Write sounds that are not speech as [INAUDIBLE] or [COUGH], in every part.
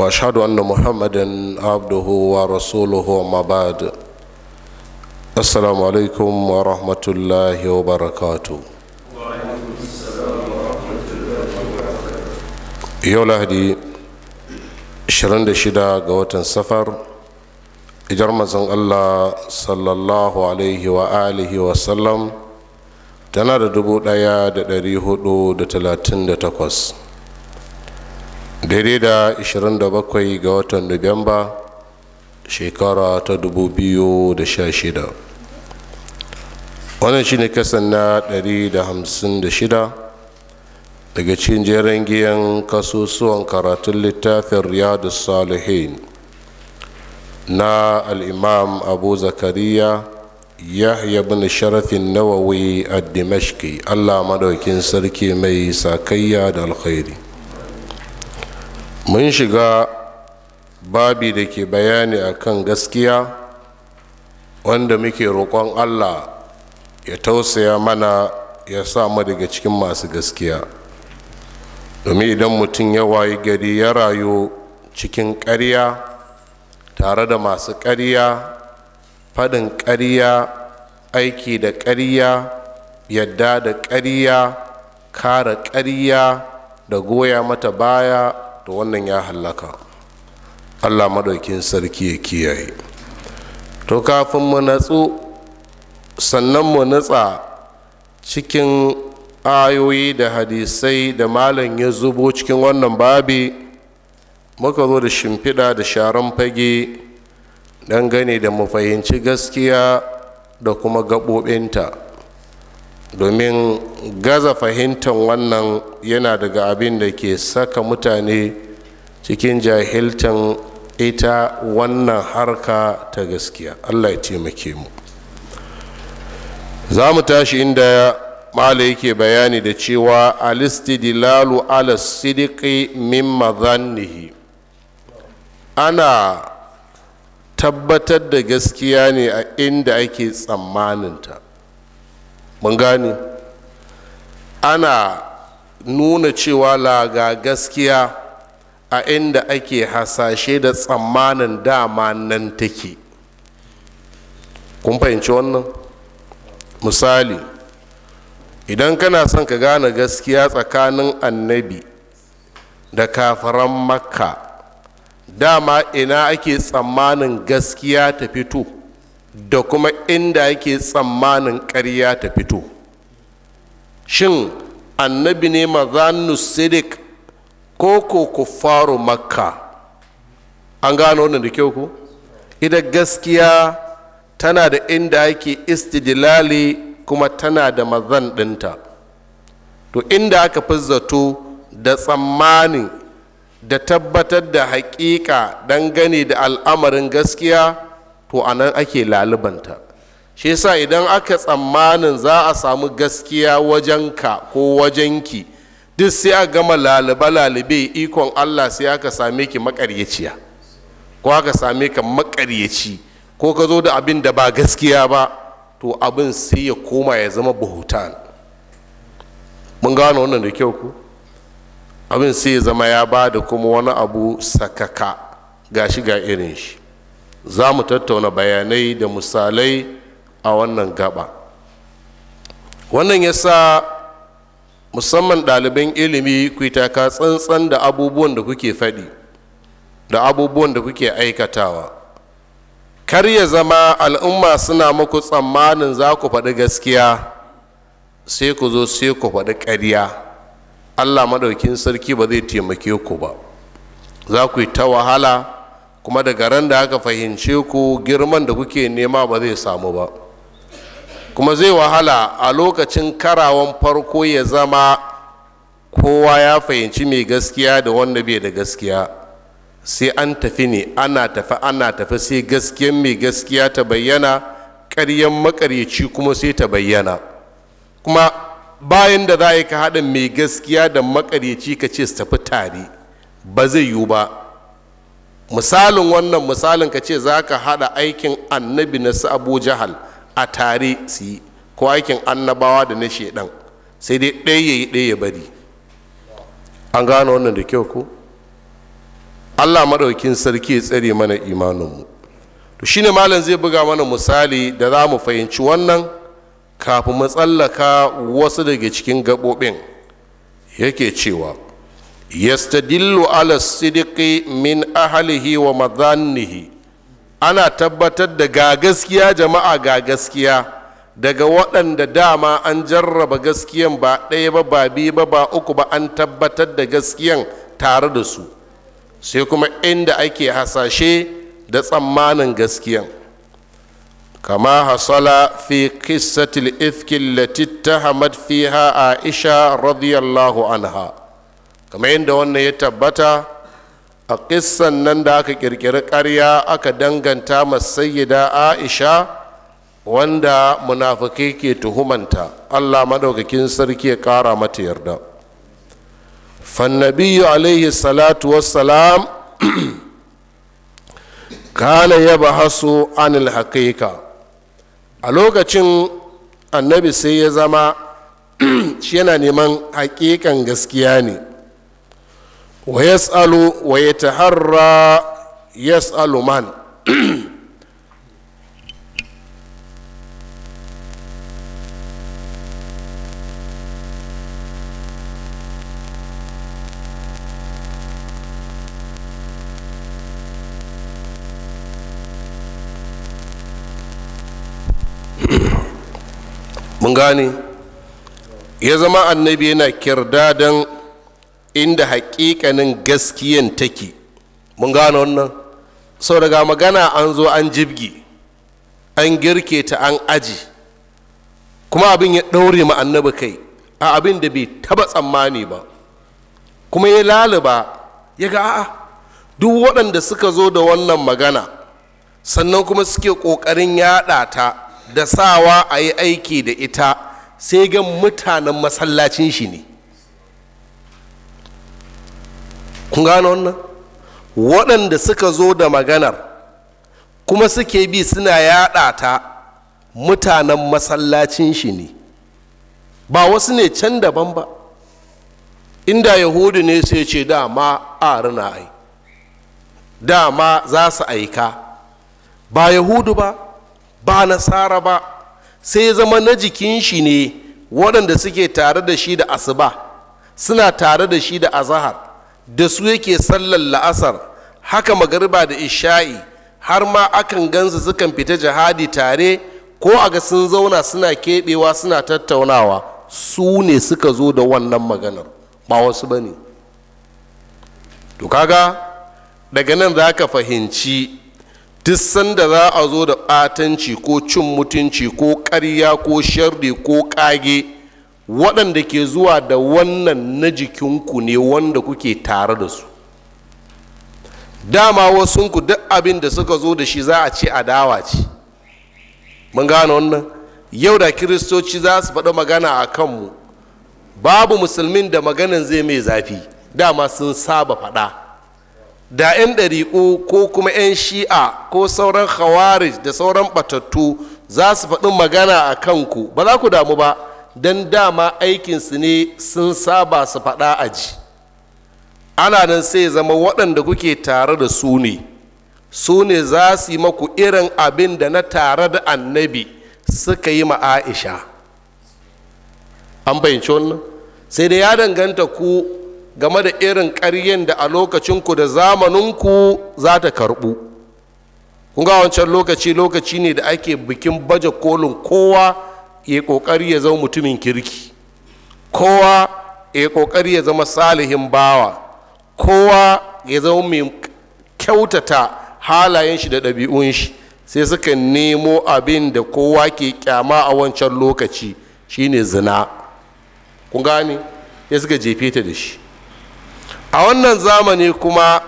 واشهد ان محمدا عبده ورسوله وما بعد السلام عليكم ورحمه الله وبركاته yau lahadi 26 ga watan safar ijar mazan allah sallallahu alaihi wa alihi wa sallam tana da 1438 daidai da 27 ga watan nuwamba shekara ta 2016 wannan shine kasan na 156 daga cikin jerin giyan kasusuwan karatun littafin riyadu salihin na al'imam abu zakariya yahya bin sharafin nawawi a dimashki allah madaukin sarki mai sakayya da alkhairi mun shiga babi da ke bayani akan gaskiya wanda muke roƙon allah ya tausaya mana ya sa mu daga cikin masu gaskiya domin idan mutum ya wayi gari ya rayu cikin ƙarya tare da masu ƙarya faɗin ƙarya aiki da ƙarya yadda da ƙarya kara ƙarya da goya mata baya to wannan ya hallaka allah maɗaukin sarki ya kiyaye to kafin mu natsu sannan mu natsa cikin ayoyi da hadisai da malam ya zubo cikin wannan babi muka zo da shimfiɗa da sharan fage don gane da mu fahimci gaskiya da kuma gaɓoɓinta domin gaza fahimtar wannan yana daga abin da ke saka mutane cikin jahiltan ita wannan harka ta gaskiya allah ya taimake mu za mu tashi inda mala yake bayani da cewa alistidilalu ala sidiki min mazannihi ana tabbatar da gaskiya ne a inda ake tsammaninta mun gane ana nuna cewa laga gaskiya a inda ake hasashe da tsammanin dama nan take kun fahimci wannan misali idan kana son ka gane gaskiya tsakanin annabi da kafaran makka dama ina ake tsammanin gaskiya ta fito da kuma inda ake tsammanin karya ta fito shin annabi ne mazanu sidik ko ku faru makka an gano wannan da kyau ku ita gaskiya tana da inda ake istidilali kuma tana da mazan ɗinta to inda aka fi zato da tsammani da tabbatar da haƙiƙa dangane da al'amarin gaskiya to anan ake lalubanta shi yasa idan aka tsammanin za a samu gaskiya wajenka ko wajenki duk sai a gama lalaba lalibe ikon allah sai aka same ki makaryaciya ko aka same ka makaryaci ko ka zo da abin da ba gaskiya ba to abin sai ya koma ya zama buhutan mun gano wannan da kyau ku abin sai ya zama ya ba da kuma wani abu sakaka ga shi ga irin shi za mu tattauna bayanai da misalai a wannan gaba wannan ya sa musamman ɗaliban ilimi ku ta ka tsantsan da abubuwan da kuke faɗi da abubuwan da kuke aikatawa kar ya zama al'umma suna muku tsammanin za ku faɗi gaskiya sai ku zo sai ku faɗi ƙarya allah maɗaukin sarki ba zai taimake ku ba za ku yi ta wahala kuma daga ran da aka fahimce ku girman da kuke nema ba zai samu ba kuma zai wahala a lokacin karawan farko ya zama kowa ya fahimci mai gaskiya da wanda bai da gaskiya sai an tafi ne ana tafi ana tafi sai gaskiyan mai gaskiya ta bayyana ƙaryan makaryaci kuma sai ta bayyana kuma bayan da za a yi ka haɗa mai gaskiya da makaryaci ka ce su tafi tare ba zai yiwu ba misalin wannan misalin ka ce za ka haɗa aikin annabi na su abu a tare su yi ko aikin annabawa da na shedan sai dai ɗaya ya yi ɗaya bari an gano wannan da kyau ko allah maɗaukin sarki ya tsare mana imaninmu to shi ne malam zai buga mana misali da za mu fahimci wannan kafin mu tsallaka wasu daga cikin gaɓoɓin yake cewa yastadillu ala sidiki min ahalihi wa madhannihi ana tabbatar da ga gaskiya jama'a ga gaskiya daga waɗanda dama an jarraba gaskiyan ba ɗaya ba ba biyu ba ba uku ba an tabbatar da gaskiyan tare da su sai kuma inda ake hasashe da tsammanin gaskiyan kama hasala fi kisatil ifkin latitta hamad fiha aisha radiyallahu anha kama inda wannan ya tabbata a ƙissan nan da aka ƙirƙiri ƙarya aka danganta masayyida aisha wanda munafukai ke tuhumanta allah maɗaukakin sarki ya kara mata yarda fannabiyu alaihi salatu wassalam [CLEARS THROAT] kana ya bahasu anil haƙiƙa a lokacin annabi sai ya zama [CLEARS THROAT] shi yana neman haƙiƙan gaskiya ne wa yas'alu wa yataharra yas'alu man mun gane ya zama annabi yana kirdadan inda haƙiƙanin gaskiyan take mun gane wannan sau daga magana an zo an jibgi an girke ta an aji kuma abin ya ɗaure ma annabi kai a abin da bai taba tsammani ba kuma ya laluba ya ga a'a duk waɗanda suka zo da wannan magana sannan kuma suke ƙoƙarin yaɗa ta da sawa a yi aiki da ita sai ga mutanen masallacin shi ne kun gano wannan waɗanda suka zo da maganar kuma suke bi suna yaɗa ta mutanen masallacin shi ne ba wasu ne can daban ba inda yahudu ne sai ce dama arina ai dama za su aika ba yahudu ba ba nasara ba sai zama na jikin shi ne waɗanda suke tare da shi da asuba suna tare da shi da azahar da su yake sallar la'asar haka magariba da isha'i har ma akan gansu sukan fita jihadi tare ko a ga sun zauna suna keɓewa suna tattaunawa su ne suka zo da wannan maganar ba wasu ba ne to kaga daga nan za ka fahimci duk sanda za a zo da ɓatanci ko cin mutunci ko ƙarya ko sharri ko ƙage waɗanda ke zuwa da wannan na jikinku ne wanda kuke tare da su dama wasunku duk abin da suka zo da shi za a ce adawa ce mun gane wannan yau da kiristoci za su faɗi magana a kanmu babu musulmin da maganan zai mai zafi dama sun saba faɗa da 'yan ɗariƙo ko kuma 'yan shi'a ko sauran khawarij da sauran batattu za su faɗi magana a kanku ba za ku damu ba don dama aikinsu ne sun saba su faɗa aji ana nan sai zama waɗanda kuke tare da su ne su ne za su yi maku irin abin da na tare da annabi suka yi ma aisha an bayanci wannan sai da ya danganta ku game da irin ƙaryen da a lokacinku da zamaninku za ta karɓu kun wancan lokaci lokaci ne da ake bikin baje kolin kowa ya ƙoƙari ya zama mutumin kirki kowa ya ƙoƙari ya zama salihin bawa kowa ya zama mai kyautata halayen shi da ɗabi'un shi sai suka nemo abin da kowa ke kyama a wancan lokaci shine zina kun gane ya suka jefe ta da shi a wannan zamani kuma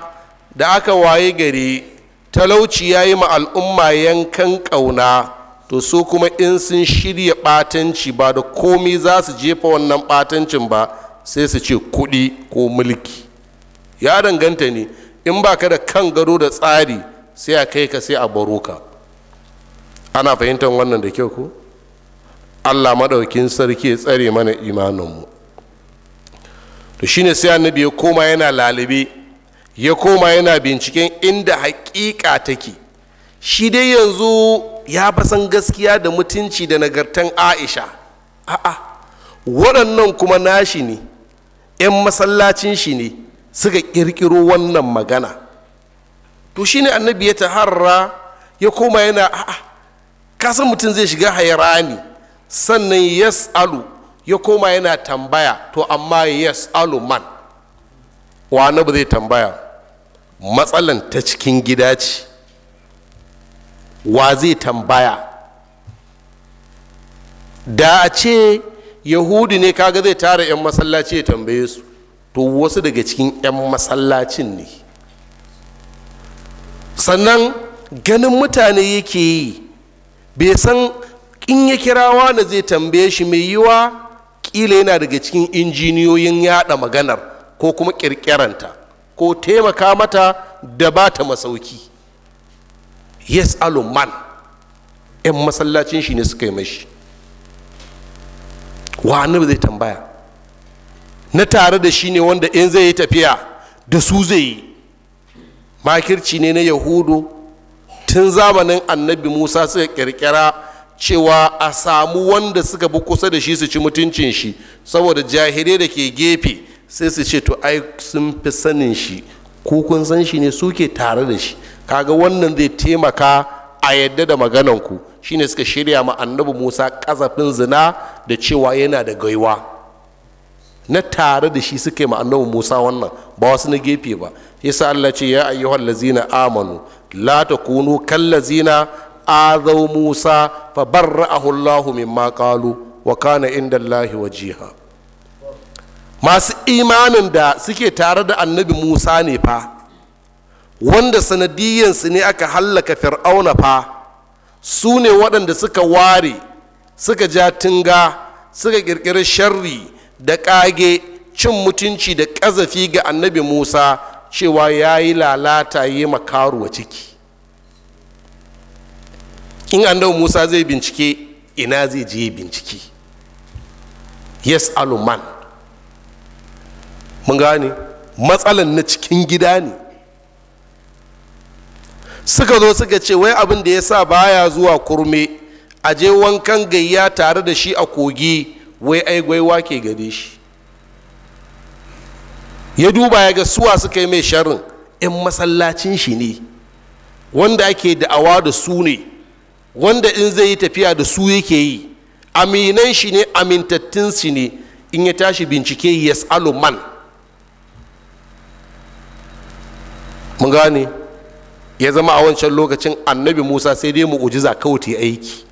da aka waye gari talauci ya yi ma al'umma yankan ƙauna to su kuma in sun shirya ɓatanci ba da komi za su jefa wannan batancin ba sai su ce kuɗi ko mulki ya danganta ne in ba ka da kan gado da tsari sai a kai ka sai a baro ka ana fahimtar wannan da kyau ko allah maɗaukin sarki ya tsare mana imaninmu to shine sai annabi ya koma yana lalibe ya koma yana binciken inda haƙiƙa take shi dai yanzu ya fasan gaskiya da mutunci da nagartan aisha a'a waɗannan kuma nashi ne 'yan masallacin shi ne suka ƙirƙiro wannan magana to shine annabi ya taharra ya koma yana a'a kasan mutum zai shiga hairani sannan yas'alu ya koma yana tambaya to amma yas'alu man wa ba zai tambaya matsalan ta cikin gida ce wa zai tambaya da a ce yahudi ne kaga zai tara 'yan masallaci ya tambaye su to wasu daga cikin 'yan masallacin ne sannan ganin mutane yake yi bai san in ya kirawa wani zai tambaye shi mai yiwa kila yana daga cikin injiniyoyin yada maganar ko kuma kirkiranta ko taimaka mata da ba ta masauki yes aluman yan masallacin shi ne suka yi mashi wa zai tambaya na tare da shi ne wanda in zai yi tafiya da su zai yi makirci ne na yahudu tun zamanin annabi musa suka kirkira cewa a samu wanda suka bi kusa da shi su ci mutuncin shi saboda jahire da ke gefe sai su ce to ai sun fi sanin shi ko kun san shi ne suke tare da shi kaga wannan zai taimaka a yadda da magananku shine suka shirya ma annabi musa kazafin zina da cewa yana da gaiwa na tare da shi suka yi ma annabi musa wannan ba wasu na gefe ba yasa allah ce ya ayyuhal lazina amanu la takunu kal lazina azau musa fa barra'ahu allah mimma qalu wa kana inda allahi wajiha masu imanin da suke tare da annabi musa ne fa wanda sanadiyyansu ne aka hallaka fir'auna fa su ne waɗanda suka ware suka ja tunga suka ƙirƙiri sharri da ƙage cin mutunci da ƙazafi ga annabi musa cewa ya yi lalata yi makaruwa ciki in annabi musa zai bincike ina zai je bincike yes aluman mun gane matsalan na cikin gida ne suka zo suka ce wai abin da ya sa baya zuwa kurme a je wankan gayya tare da shi a kogi wai ai gwaiwa ke gare shi ya duba ya ga suwa suka yi mai sharrin in masallacin shi ne wanda ake da'awa da su ne wanda in zai yi tafiya da su yake yi aminan shi ne amintattun shi ne in ya tashi bincike yas'alu man mun gane ya zama a wancan lokacin annabi musa sai dai mu mu'ujiza kawai ta aiki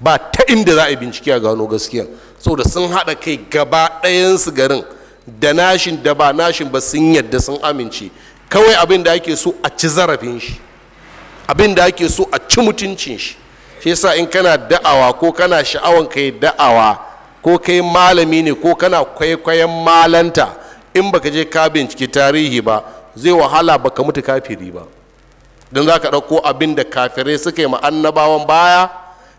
ba ta inda za a bincike a gano gaskiya saboda sun haɗa kai gaba ɗayansu garin da nashin da ba nashin ba sun yadda sun amince kawai abin da ake so a ci zarafin shi abin da ake so a ci mutuncin shi shi yasa in kana da'awa ko kana sha'awan kai da'awa ko kai malami ne ko kana kwaikwayon malanta in baka je ka bincike tarihi ba zai wahala baka mutu kafiri ba don za ka ɗauko abin da kafirai suka yi annabawan baya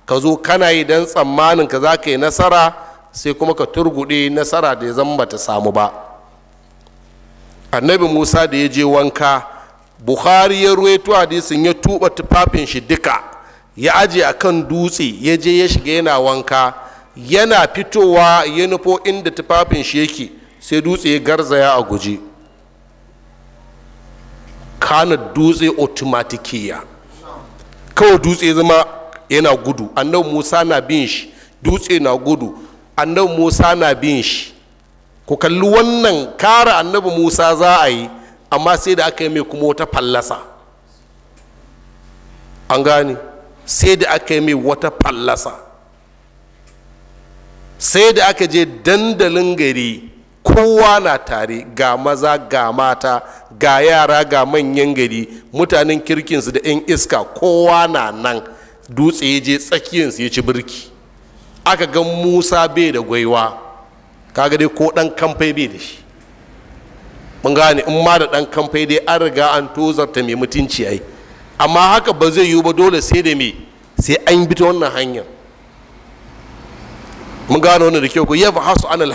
ka zo kana yi don tsammanin ka za ka yi nasara sai kuma ka turgude nasara da ya zama bata samu ba annabi musa da ya je wanka bukhari ya ruwaito hadisin ya tuba tufafin shi duka ya aje a kan dutse ya je ya shiga yana wanka yana fitowa ya nufo inda tufafin shi yake sai dutse ya garzaya a guji kana dutse otomatikiya kawai dutse zama yana gudu annan musa na bin shi dutse na gudu annan musa na bin shi ku kalli wannan kara annabi musa za a yi amma sai da aka yi mai kuma wata fallasa an gane sai da aka yi mai wata fallasa sai da aka je dandalin gari kowa na tare ga maza ga mata ga yara ga manyan gari mutanen kirkinsu da 'yan iska kowa na nan dutse ya je tsakiyarsu ya ci birki aka gan musa bai da gwaiwa kaga dai ko dan kamfai bai da shi mun gane in ma da dan kamfai dai an riga an tozarta mai mutunci ai amma haka ba zai yiwu ba dole sai da me sai an bi ta wannan hanyar mun gane wannan da kyau ku yafi hasu anal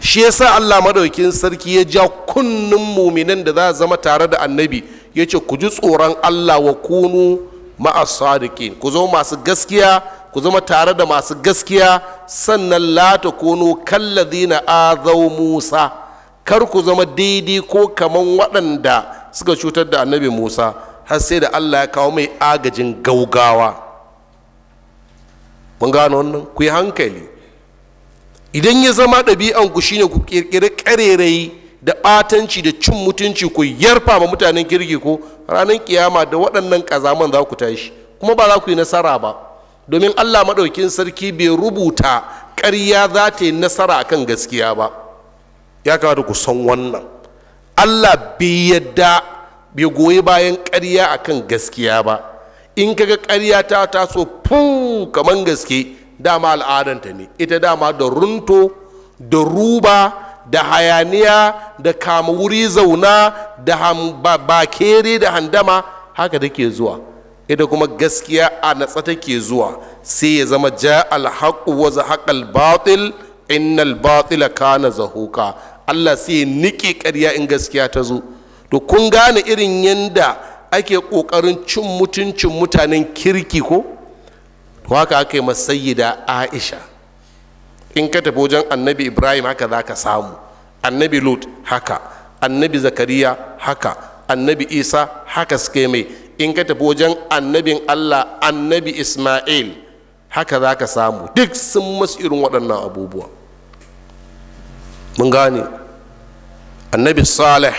shi yasa Allah madaukin sarki ya ja kunnun muminan da za a zama tare da annabi ya ce ku ji tsoron Allah wa kunu ma'as sadiqin ku zama masu gaskiya ku zama tare da masu gaskiya sannan la ta kunu kalladina azau Musa kar ku zama daidai ko kaman waɗanda suka cutar da annabi Musa har sai da Allah ya kawo mai agajin gaugawa mun gano wannan ku yi hankali idan ya zama ɗabi'an ku shine ku ƙirƙiri ƙarerayi da ɓatanci da cin mutunci ku yarfa ma mutanen kirki ko ranar kiyama da waɗannan ƙazaman za ku tashi kuma ba za ku yi nasara ba domin allah maɗaukin sarki bai rubuta ƙarya za ta yi nasara akan gaskiya ba ya kamata ku san wannan allah bai yadda bai goyi bayan ƙarya akan gaskiya ba in kaga ƙarya ta taso fu kaman gaske dama al'adanta ne ita dama da runto da ruba da hayaniya da kama wuri zauna da bakere da handama haka take zuwa ita kuma gaskiya a natsa take zuwa sai ya zama ja alhaƙu wa zahaƙal batil innal batila kana zahuka allah sai ya niƙe ƙarya in gaskiya ta zo to kun gane irin yanda ake ƙoƙarin cin mutuncin mutanen kirki ko to haka aka yi masayyida aisha in ka tafi wajen annabi ibrahim haka za ka samu annabi lut haka annabi zakariya haka annabi isa haka suke mai in ka tafi wajen annabin allah annabi ismail haka za ka samu duk sun masu irin waɗannan abubuwa mun gane annabi salih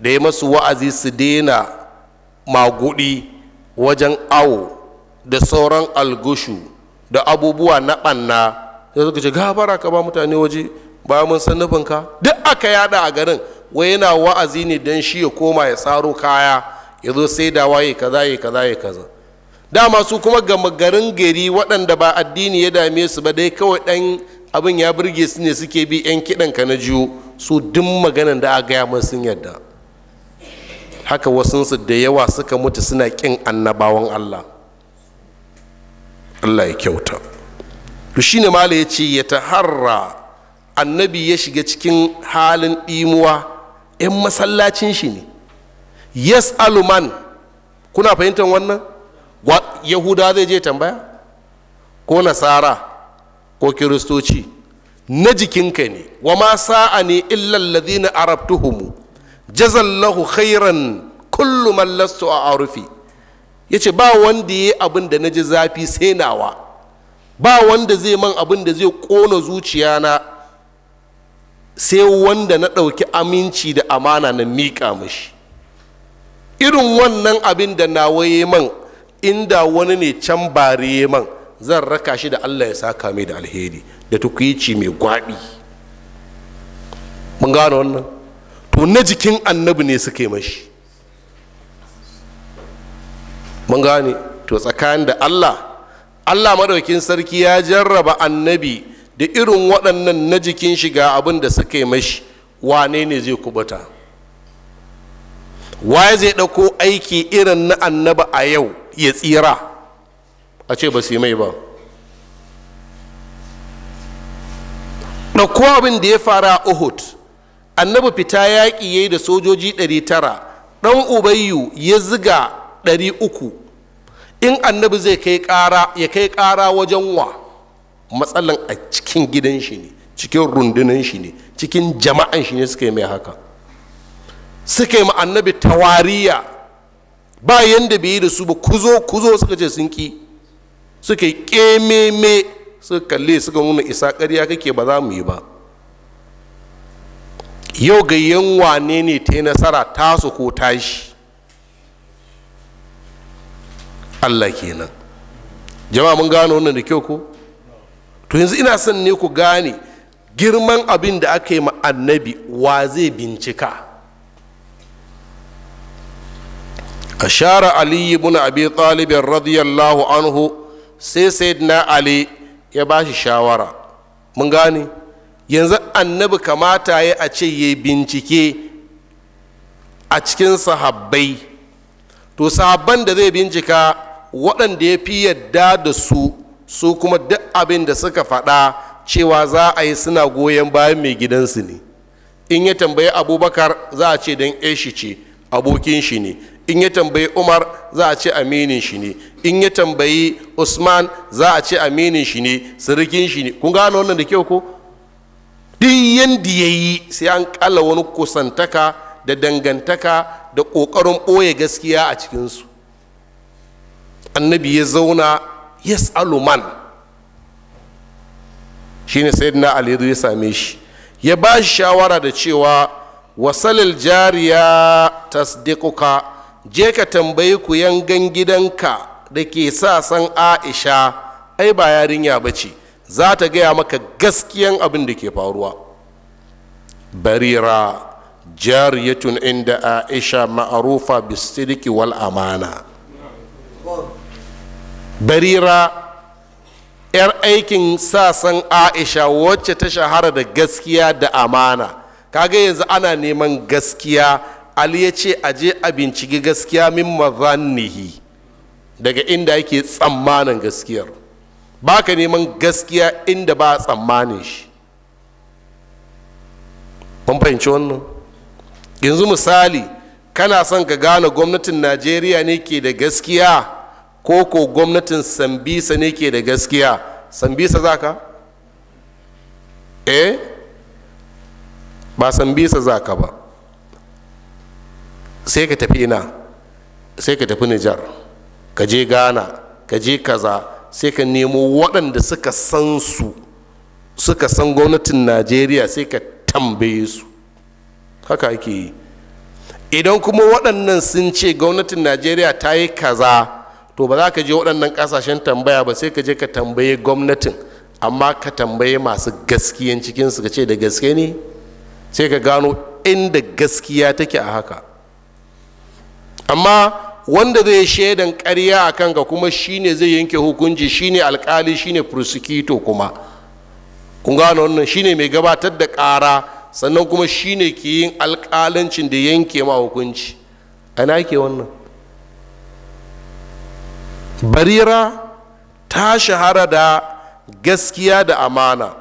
da ya masu wa'azi su daina magudi wajen awo da sauran algushu da abubuwa na ɓanna sai suka ce gabara ka ba mutane waje ba mun san nufinka duk aka yada a garin wai yana wa'azi ne don shi ya koma ya tsaro kaya ya zo sai da waye kaza ya kaza ya kaza dama su kuma gama garin gari waɗanda ba addini ya dame su ba dai kawai ɗan abin ya burge su ne suke bi 'yan kiɗan ka na jiyo su duk maganan da a gaya mun sun yadda haka wasunsu da yawa suka mutu suna kin annabawan allah allah ya kyauta to shine mala ya ce ya taharra annabi ya shiga cikin halin ɗimuwa 'yan masallacin shi ne yes aluman kuna fahimtar wannan yahuda zai je tambaya ko nasara ko kiristoci na jikinka ne wa ma sa'a ne arabtuhu arabtuhumu jazallahu khairan kullu man lastu a arufi ya ce ba wanda ya yi abin da na ji zafi sai nawa ba wanda zai man abin da zai ƙona na sai wanda na ɗauki aminci da amana na miƙa mashi irin wannan abin da nawa ya man inda wani ne can bare ya man zan raka shi da allah ya saka mai da alheri da tukwici mai gwaɓi mun gano wannan to na jikin annabi ne suka yi mashi mun gane to tsakanin da allah allah madaukin sarki ya jarraba annabi da irin waɗannan na jikin shiga abin da suka yi mashi wane ne zai kubuta waye zai ɗauko aiki irin na annaba a yau ya tsira a ce ba su mai ba ɗauko abin da ya fara a uhud annabi fita yaƙi ya yi da sojoji 900 ɗan ubayu ya ziga 300 in annabi zai kai ƙara ya kai ƙara wajen wa matsalan a cikin gidan shi ne cikin rundunan shi ne cikin jama'an shi ne suka yi mai haka suka yi annabi tawariya ba yanda bai yi da su ba kuzo kuzo suka ce sun ki suka yi ƙememe suka kalle suka nuna isa ƙarya kake ba za mu yi ba yau ga yin wane ne ta yi nasara tasu ko tashi allah kenan jama'a mun gano wannan da kyau ko to yanzu ina son ne ku gane girman abin da aka yi ma annabi wa zai bincika ashara ali ibn abi talib radiyallahu sai sai sayyidina Ali ya ba shi shawara mun gane yanzu annabi kamata ya a ce ya bincike a cikin sahabbai to sahabban da zai bincika waɗanda ya fi yadda da su su kuma duk abin da suka faɗa cewa za a yi suna goyon bayan mai gidansu ne in ya tambayi abubakar za a ce don eshi ce abokin shi ne in ya tambayi umar za a ce aminin shi ne in ya tambayi usman za a ce aminin shi ne sirikin shi ne kun gano wannan da kyau ko duk yadda ya yi sai an kala wani kusantaka da dangantaka da ƙoƙarin ɓoye gaskiya a cikinsu annabi ya zauna ya aluman shi ne sai na aliyu ya same shi ya ba shi shawara da cewa wasalil jariya tasdiquka je ka tambayi ku yangan gidanka da ke sa san aisha ai ba yarinya ba ce za ta gaya maka gaskiyan abin da ke faruwa barira jariyatun inda aisha ma'arufa bisidiki wal amana barira 'yar aikin sasan aisha wacce ta shahara da gaskiya da amana kaga yanzu ana neman gaskiya ali ya ce aje a binciki gaskiya min mazannihi daga inda yake tsammanin gaskiyar baka neman gaskiya inda ba tsammanin shi mun fahimci wannan yanzu misali kana son ka gane gwamnatin najeriya ne ke da gaskiya ko ko gwamnatin sambisa ne ke da gaskiya sambisa za ka eh ba sambisa za ka ba sai ka tafi ina sai ka tafi nijar ka je ghana ka je kaza sai ka nemo waɗanda suka san su suka san gwamnatin najeriya sai ka tambaye su haka ake yi idan kuma waɗannan sun ce gwamnatin najeriya ta yi kaza to ba za ka je waɗannan ƙasashen tambaya ba sai ka je ka tambaye gwamnatin amma ka tambaye masu gaskiyan cikinsu ka ce da gaske ne sai ka gano inda gaskiya take a haka amma wanda zai shaidan ƙarya a kanka kuma shine zai yanke hukunci shine alkali shine prosecutor kuma kun gano wannan shine mai gabatar da ƙara sannan kuma shine ke yin alkalancin da yanke ma hukunci ana ke wannan barira ta shahara da gaskiya da amana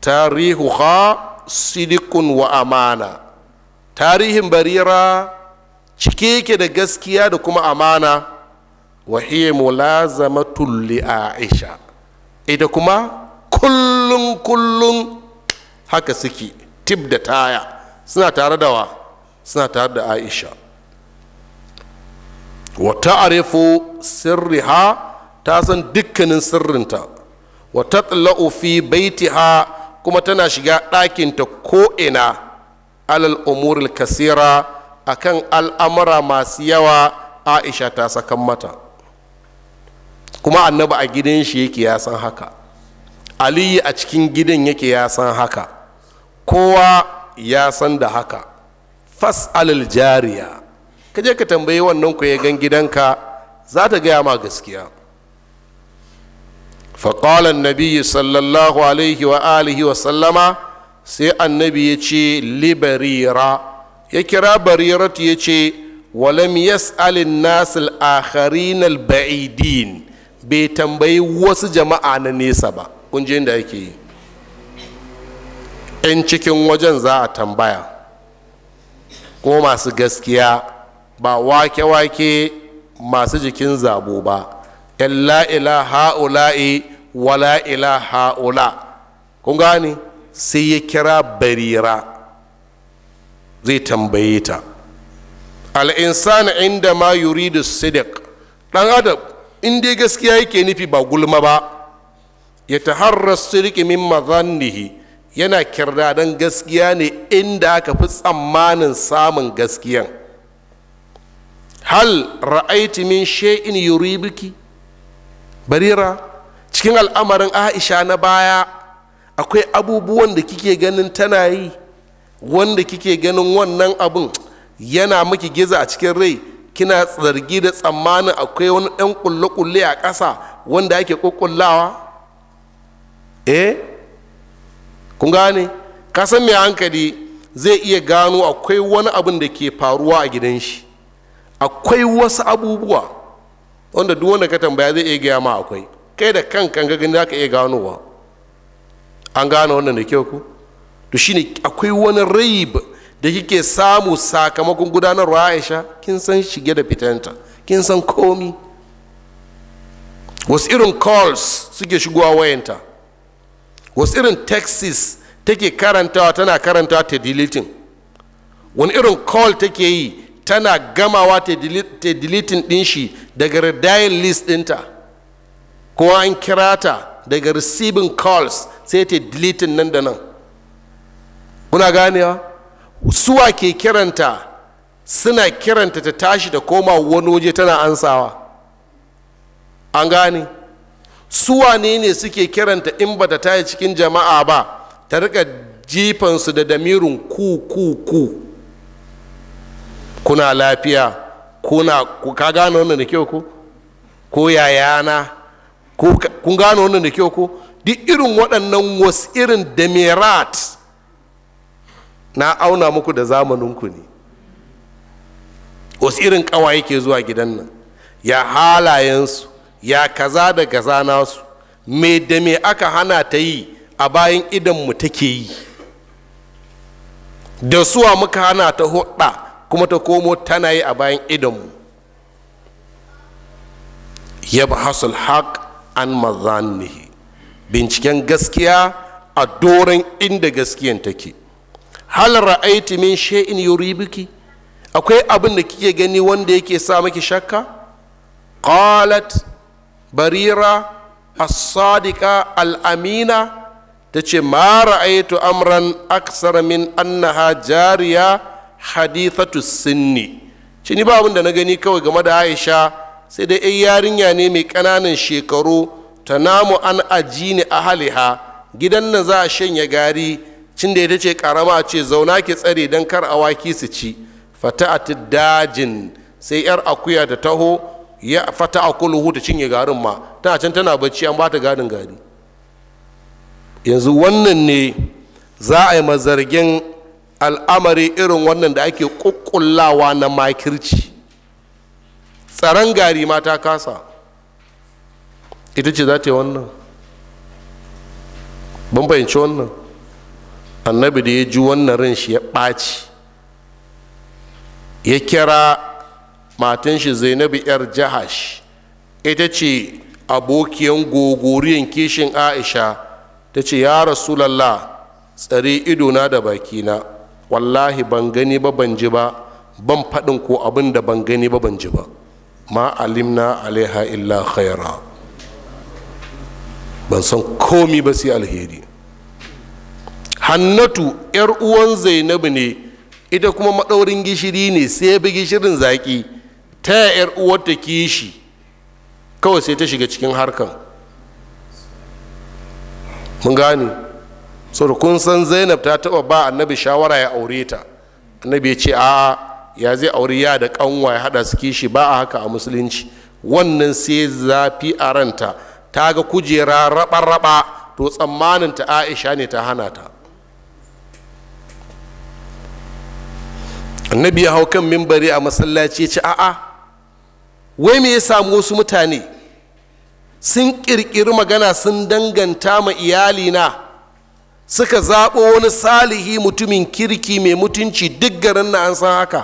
tarihuha sidikun wa amana tarihin barira cike yake da gaskiya da kuma amana wa zama tulli li aisha ita kuma kullum kullum haka suke tib da taya suna tare da wa suna tare da aisha wa ta'rifu sirriha ta san dukkanin sirrinta wa tatla'u fi baitiha kuma tana shiga ɗakinta ko'ina alal umuril kasira akan al'amura masu yawa aisha ta sakan mata kuma annabi a gidan shi yake ya san haka aliyu a cikin gidan yake ya san haka kowa ya san da haka fas alal jariya ka je ka tambayi wannan ku ya gan gidanka za ta gaya ma gaskiya faƙalan nabi sallallahu alaihi wa alihi wa sallama sai annabi ya ce libarira ya kira bariratu ya ce walam yas'alin nasil akharin al-ba'idin bai tambayi wasu jama'a na nesa ba kun da yake yi in cikin wajen za a tambaya ko masu gaskiya ba wake-wake masu jikin zabo ba illa la'ila ha'ula'i wa la'ila ha'ula kun gane sai ya kira barira zai tambaye ta al'insani inda ma yuridu sidik ɗan adam inda gaskiya yake nufi ba gulma ba ya ta harra sirki min mazannihi yana kirdadan gaskiya ne inda aka fi tsammanin samun gaskiyan hal ra'aiti min shay'in yuribuki barira cikin al'amarin aisha na baya akwai abubuwan da kike ganin tana yi wanda kike ganin wannan abun? yana miki giza a cikin rai kina zargi da tsammanin akwai wani ɗan kulle-kulle a ƙasa wanda ake kukullawa eh kun gane kasan mai hankali zai iya gano akwai wani abin da ke faruwa a gidan shi akwai wasu abubuwa wanda duk wanda ka tambaya zai iya gaya ma akwai kai da kanka ga gani ka iya ganowa an gane wannan da kyau ku to shine akwai wani raib da kike samu sakamakon gudanarwa Aisha kin san shige da fitanta kin san komi wasu irin calls suke shigowa wayanta wasu irin taxis take karantawa tana karantawa ta deleting wani irin call take yi tana gamawa ta deleting ɗin shi daga redial list ɗinta ko an kira ta daga receiving calls sai ta deleting nan da nan kuna ganewa suwa ke kiranta suna kiranta ta tashi da koma wani waje tana ansawa an gane suwa ne ne suke kiranta in ba ta tashi cikin jama'a ba ta rika jifansu da damirin ku ku ku kuna lafiya kuna ka gano wannan da kyau ko ko yayana kun gano wannan da kyau ku duk irin waɗannan wasu irin demirat na auna muku da zamaninku ne wasu irin ƙawa yake zuwa gidan nan ya halayensu ya kaza da gaza nasu mai da me aka hana ta yi a bayan idanmu take yi da suwa muka hana ta huɗa. kuma ta komo tana yi a bayan idonmu yabhasul haq an mazannihi binciken gaskiya a doron inda gaskiyan take hal ra'aiti min shay'in yuribiki akwai abin da kike gani wanda yake sa miki shakka qalat barira as-sadiqa al-amina tace ma ra'aitu amran aksara min annaha jariya hadithatu sinni ci ni ba abin da na gani kawai game da aisha sai dai ai yarinya ne mai ƙananan shekaru ta namu an aji ne a haliha. gidan nan za a shanya gari cin da ita ce karama ce zauna ke tsare don kar a awaki su ci ti dajin sai yar akuya da taho ya fata akuluhu ta cinye garin ma tana can tana bacci an bata gadin gari yanzu wannan ne za a yi mazargin al'amari irin wannan da ake kukullawa na makirci tsaron gari ma kasa ita ce za ta yi wannan ban fahimci wannan annabi da ya ji wannan ran shi ya ɓaci ya kira matan shi zainabu yar jahash ita ce abokiyan gogoriyan kishin aisha ta ce ya rasulallah tsare idona da bakina wallahi ban gani ba ban ji ba ban faɗin ko abin da ban gani ba ban ji ba ma alimna alaiha illa khaira ban san komi ba sai alheri hannatu yar uwan zainabu ne ita kuma maɗaurin gishiri ne sai bi gishirin zaƙi ta yar uwarta kishi kawai sai ta shiga cikin harkan mun gane so san zainab ta taɓa ba annabi shawara ya aure ta annabi ya ce a ya zai aure ya da kanwa ya hada su kishi ba a haka a musulunci wannan sai zafi a ranta ta ga kujera raba-raba to tsammanin ta aisha ne ta hana ta annabi ya hau kan mimbari a masallaci ya ce a'a wai me ya samu wasu mutane sun kirkiri magana sun danganta ma iyalina suka zaɓo wani salihi mutumin kirki mai mutunci duk garin na an san haka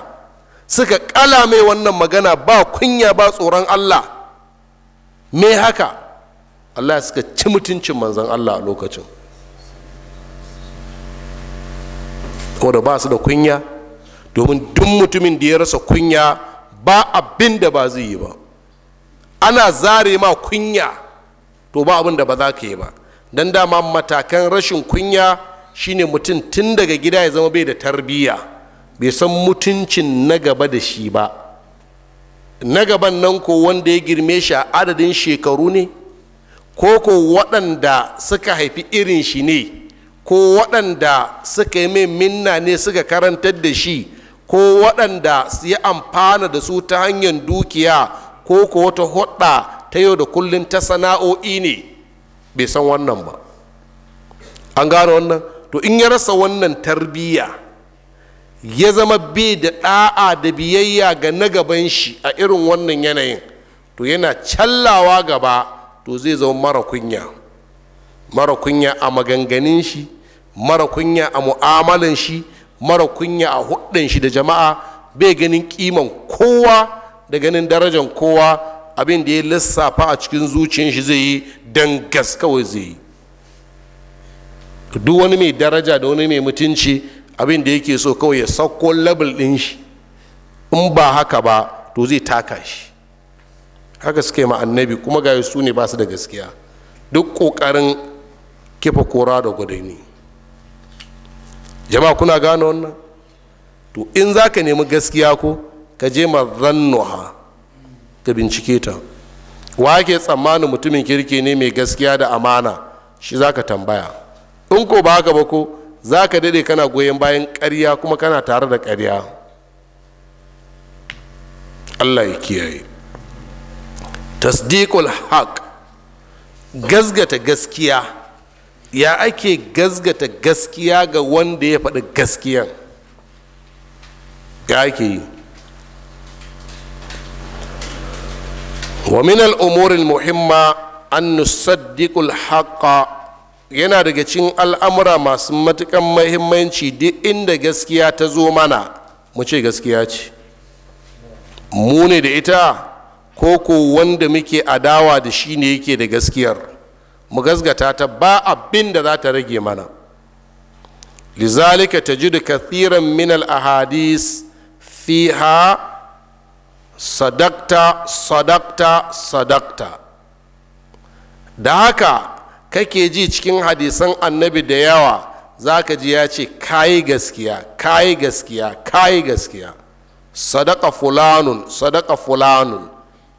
suka ƙala mai wannan magana ba kunya ba tsoron allah me haka allah suka ci mutuncin manzan allah a lokacin da ba su da kunya domin duk mutumin da ya rasa kunya ba abin da ba zai yi ba ana zare ma kunya to ba abin da ba za ka yi ba don dama matakan rashin kunya shine mutum tun daga gida ya zama bai da tarbiyya bai san mutuncin na gaba da shi ba na gaban nan ko wanda ya girme shi a adadin shekaru ne ko ko waɗanda suka haifi irin shi ne ko waɗanda suka yi mai minna ne suka karantar da shi ko waɗanda su yi amfana da su ta hanyar dukiya ko ko wata hudda ta yau da kullum ta sana'o'i ne bai san wannan ba an gane wannan to in ya rasa wannan tarbiyya ya zama bai da ɗa'a da biyayya ga na gaban shi a irin wannan yanayin to yana callawa gaba to zai zama mara kunya mara kunya a maganganin shi mara kunya a mu'amalan shi mara kunya a hudun shi da jama'a bai ganin kiman kowa da ganin darajan kowa abin da ya lissafa a cikin zuciyar shi zai yi don kawai zai yi duk wani mai daraja da wani mai mutunci abin da yake so kawai ya sauko label ɗin shi in ba haka ba to zai taka shi haka suka ma annabi kuma ga su ne ba da gaskiya duk ƙoƙarin kifa kora da gudani jama'a kuna gane wannan to in za ka nemi gaskiya ko ka je ma zannuha ka bincike ta wa ke tsammanin mutumin kirki ne mai gaskiya da amana shi za ka tambaya in ko ba haka ba ko za ka kana goyon bayan ƙarya kuma kana tare da karya. allah ya kiyaye tasdiqul haq gazgata gaskiya ya ake gazgata gaskiya ga wanda ya faɗi gaskiyan ya ake yi ومن الأمور المهمة أن نصدق الحق yana daga cikin al'amura masu matukan mahimmanci duk inda gaskiya ta zo mana mu ce gaskiya ce mu ne da ita ko ko wanda muke adawa da shi ne yake da gaskiyar mu gasgata ta ba abin da za ta rage mana lizalika tajidu kathiran min al-ahadis fiha sadakta sadakta sadakta da haka kake ji cikin hadisan annabi da yawa za ka ji ya ce kayi gaskiya kayi gaskiya kayi gaskiya sadaka fulanun sadaka fulanun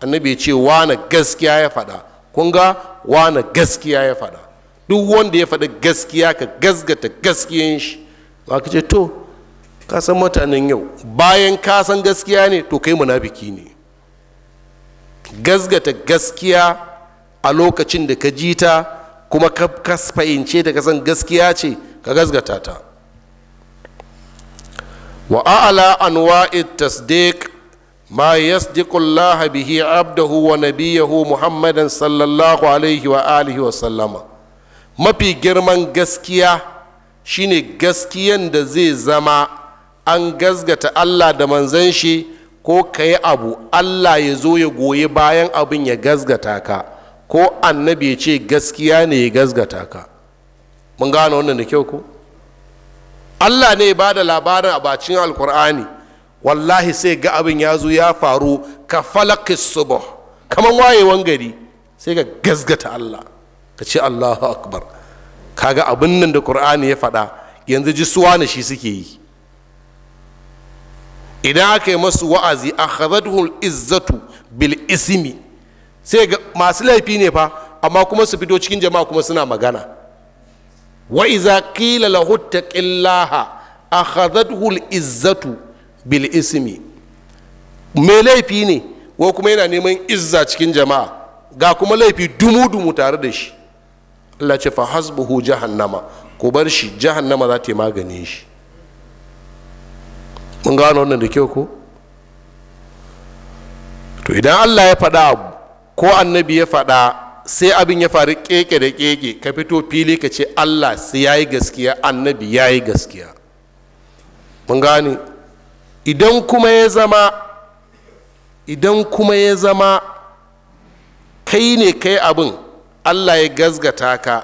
annabi ce wane gaskiya ya faɗa kunga ga wane gaskiya ya faɗa duk wanda ya faɗi gaskiya ka gasgata gaskiyan shi ba ka ce to ka san mutanen yau bayan ka san gaskiya ne to kai munafiki ne gasgata gaskiya a lokacin da ka ji ta kuma ka fahimce da ka san gaskiya ce ka gasgata ta wa a'ala anwa'i tasdiq ma yasdiqu Allah bihi Abduhu wa nabiyahu Muhammadan sallallahu alaihi wa alihi wa sallama mafi girman gaskiya shine gaskiyan da zai zama an gazgata allah da manzan shi ko ka yi abu allah ya zo ya goyi bayan abin ya gazgata ka ko annabi ya ce gaskiya ne ya gazgata ka mun gane wannan da kyau ko allah ne ba da labarin a bacin alkur'ani wallahi sai ga abin ya zo ya faru ka falakis subuh kamar wayewan gari sai ka gazgata allah ka ce allahu akbar Ka ga abin nan da qur'ani ya faɗa yanzu ji suwa shi suke yi idan aka yi masu wa'azi a khazaduhul izzatu bil ismi sai ga masu laifi ne fa amma kuma su fito cikin jama'a kuma suna magana wa iza qila lahu taqillaha akhadhathul izzatu bil ismi mai laifi ne wa kuma yana neman izza cikin jama'a ga kuma laifi dumu dumu tare da shi Allah ce fa hasbuhu jahannama ko bar shi jahannama za ta yi maganin shi mun gano wannan da kyau ko to idan allah ya faɗa ko annabi ya faɗa sai abin ya faru keke da keke ka fito fili ka ce allah sai ya yi gaskiya annabi ya yi gaskiya mun gane idan kuma ya zama idan kuma ya zama kai ne kai abin allah ya gazgata ka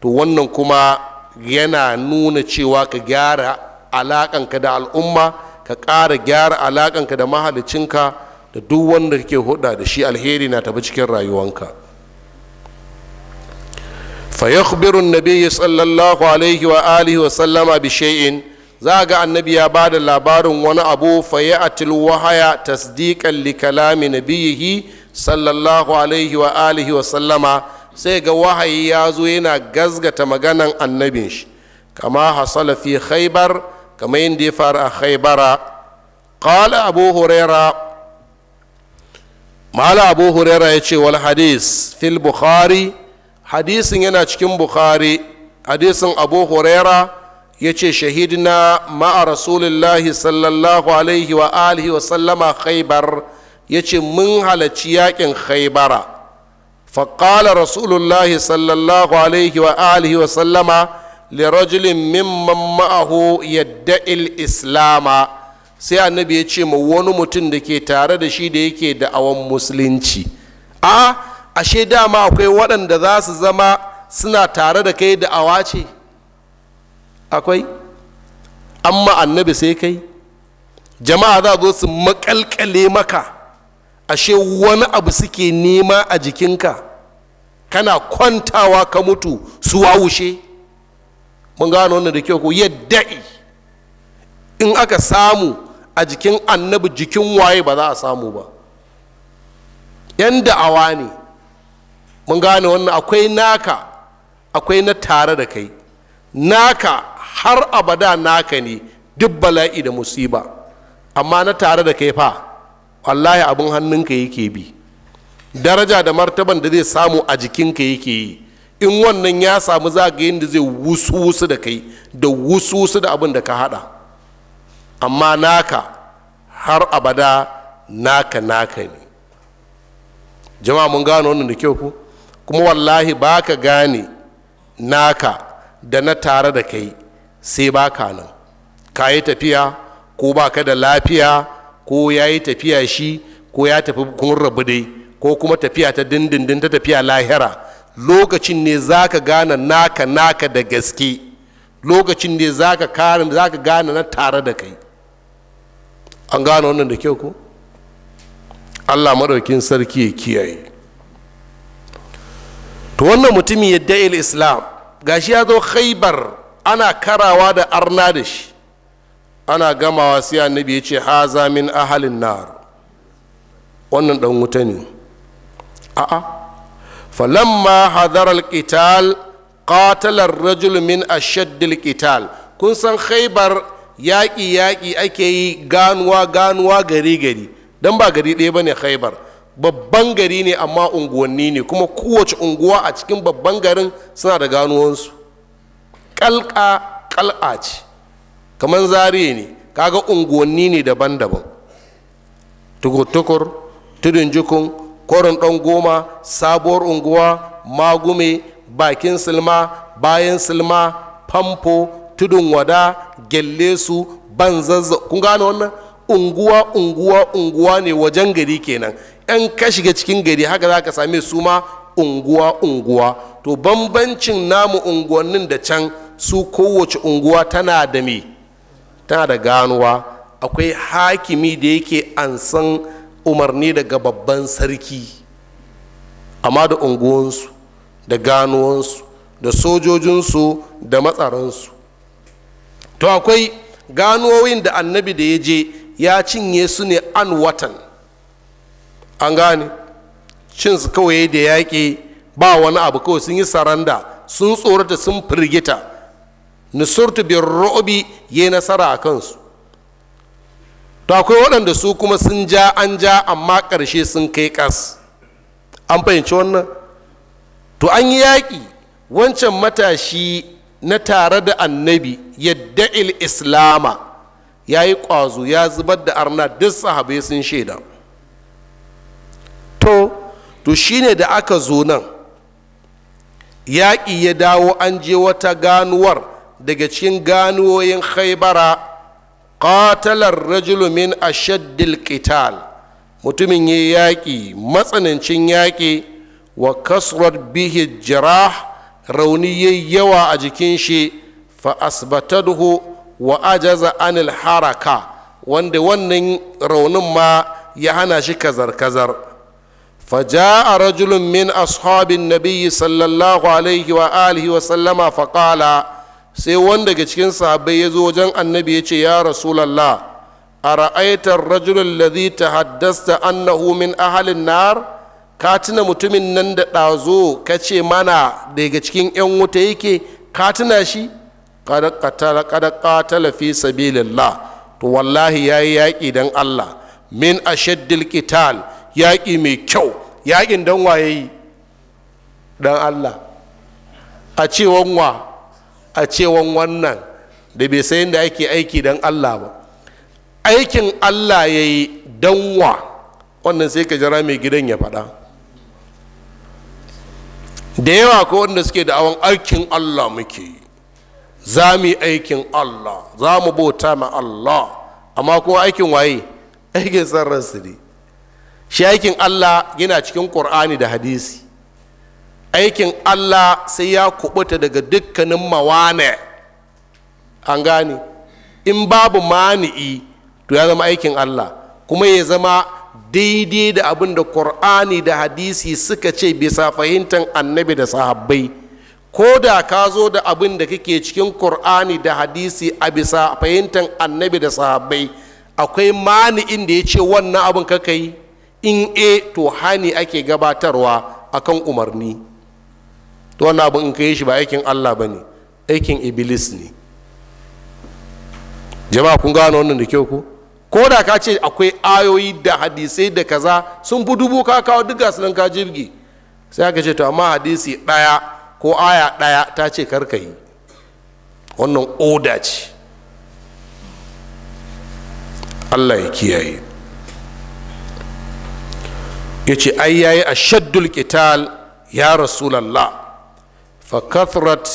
to wannan kuma yana nuna cewa ka gyara alaƙanka da al'umma ka ƙara gyara alaƙanka da mahalicinka da duk wanda kake huɗa da shi alheri na tafi cikin rayuwanka fa yakhbiru an-nabiy sallallahu alaihi wa alihi wa sallama bi shay'in za ga annabi ya ba da labarin wani abu fa ya'til wahaya tasdiqan li kalami nabiyhi sallallahu wa alihi wa sallama sai ga wahayi ya zo yana gazgata maganan annabin shi kama hasala fi khaybar kamar yadda ya faru a haibara qala abu huraira mala abu huraira ya ce wal hadis fil bukhari hadisin yana cikin bukhari hadisin abu huraira ya ce shahidina ma'a rasulullahi sallallahu alaihi wa alihi wa sallama khaibar ya ce mun halarci yakin khaibara faƙala rasulullahi sallallahu alaihi wa alihi wa sallama lirajulin mimman ma'ahu yadda'il islama sai annabi ya ce ma wani mutum da ke tare da shi da yake da'awan musulunci a ashe dama akwai waɗanda za su zama suna tare da kai da'awa ce akwai amma annabi sai kai jama'a za zo su makalkale maka ashe wani abu suke nema a jikinka kana kwantawa ka mutu su wawushe mun gano wannan da kyau ko yadda in aka samu a jikin annabi jikin waye ba za a samu ba yan da'awa ne mun gane wannan akwai naka akwai na tare da kai naka har abada naka ne duk bala'i da musiba amma na tare da kai fa wallahi abin hannunka yake bi daraja da martaban da zai samu a jikinka yake yi in wannan ya samu zagayin da zai wusu wusu da kai da wusu da abin da ka hada amma naka har abada naka naka ne jama mun gano wannan da kyau ku kuma wallahi ba ka gane naka da na tare da kai sai ba ka nan ka yi tafiya ko ba ka da lafiya ko ya yi tafiya shi ko ya tafi kun rabu dai ko kuma tafiya ta dindindin ta tafiya lahira lokacin ne za ka gane naka naka da gaske lokacin ne za ka gane na tare da kai an gane wannan da kyau ko allah maɗaukin sarki ya kiyaye to wannan mutumin ya da'il islam gashi ya zo khaibar ana karawa da arna da shi ana gamawa sai annabi ya ce haza min ahalin nar wannan dan wuta ne a'a falamma hadar alƙital katalar rajul min ashaddil qital kun san khaibar yaƙi yaƙi ake yi ganuwa ganuwa gari gari don ba gari ɗaya ba ne khaibar babban gari ne amma unguwanni ne kuma kowace unguwa a cikin babban garin suna da ganuwansu ƙalƙa ƙalƙa ce kamar zare ne kaga unguwanni ne daban-daban tukur-tukur tudun jikun korin ɗan goma sabuwar unguwa magume bakin silma bayan silma famfo tudun wada gelle su banzazza kun gane wannan unguwa unguwa unguwa ne wajen gari kenan yan ka shiga cikin gari haka za ka same su ma unguwa unguwa to bambancin namu unguwannin da can su kowace unguwa tana da me tana da ganuwa akwai hakimi da yake ansan umarni daga babban sarki amma da unguwansu da ganuwansu da sojojinsu da matsaransu to akwai ganuwoyin da annabi da ya je ya cinye su ne an watan an gane cinsu kawai da yaƙi ba wani abu kawai sun yi saranda sun tsorata sun firgita nusurtu bin ro'obi ya yi nasara a kansu to akwai waɗanda su kuma sun ja an ja amma ƙarshe sun kai ƙas an fahimci wannan to an yi yaƙi wancan matashi na tare da annabi yadda il islama ya yi ƙwazo ya zubar da arna duk sahabai sun shaida to to shine da aka zo nan yaƙi ya dawo an je wata ganuwar daga cikin ganuwoyin haibara qatalar rajulu min ashaddil qital mutumin ya yaƙi matsanancin yaƙi wa kasrar bihi jirah rauni yayi yawa a jikin shi fa asbatadhu wa ajaza anil haraka wanda wannan raunin ma ya hana shi kazar-kazar فجاء رجل من أصحاب النبي صلى الله عليه وآله وسلم فقال sai wanda daga cikin sahabbai ya zo wajen annabi ya ce ya rasulallah a ra'aitar rajulun lazi ta haddasta annahu min ahalin nar ka tuna mutumin nan da ɗazo ka ce mana daga cikin 'yan wuta yake ka tuna shi kada fi sabilillah to wallahi ya yi yaƙi dan Allah min ashaddil qital yaƙi mai kyau yaƙin don waye dan Allah a cewan wa a cewan wannan da bai sayin da ake aiki don allah ba aikin allah ya yi don wa wannan sai ka jira mai gidan ya faɗa da yawa ko wanda suke da awon aikin allah muke za mu aikin allah za mu bauta ma allah amma kuma aikin waye aikin san ne shi aikin allah yana cikin ƙur'ani da hadisi aikin allah sai ya kubuta daga dukkanin mawane an gane in babu mani'i to ya zama aikin allah kuma ya zama daidai da abin da ƙur'ani da hadisi suka ce bisa fahimtar annabi da sahabbai ko da ka zo da abin da kake cikin ƙur'ani da hadisi a bisa fahimtar annabi da sahabbai akwai mani'in da ya ce wannan abin kaka yi in e to hani ake gabatarwa akan umarni to wani abin in ka yi shi ba aikin allah ba ne aikin iblis ne jama'a kun gano wannan da kyau ku ko da ka ce akwai ayoyi da hadisai da kaza sun fi dubu ka kawo duk gasu nan ka jirgi sai aka ce to amma hadisi ɗaya ko aya ɗaya ta ce karka yi wannan oda ce allah ya kiyaye ya ce ai yayi ashaddul qital ya rasulallah fa kathrat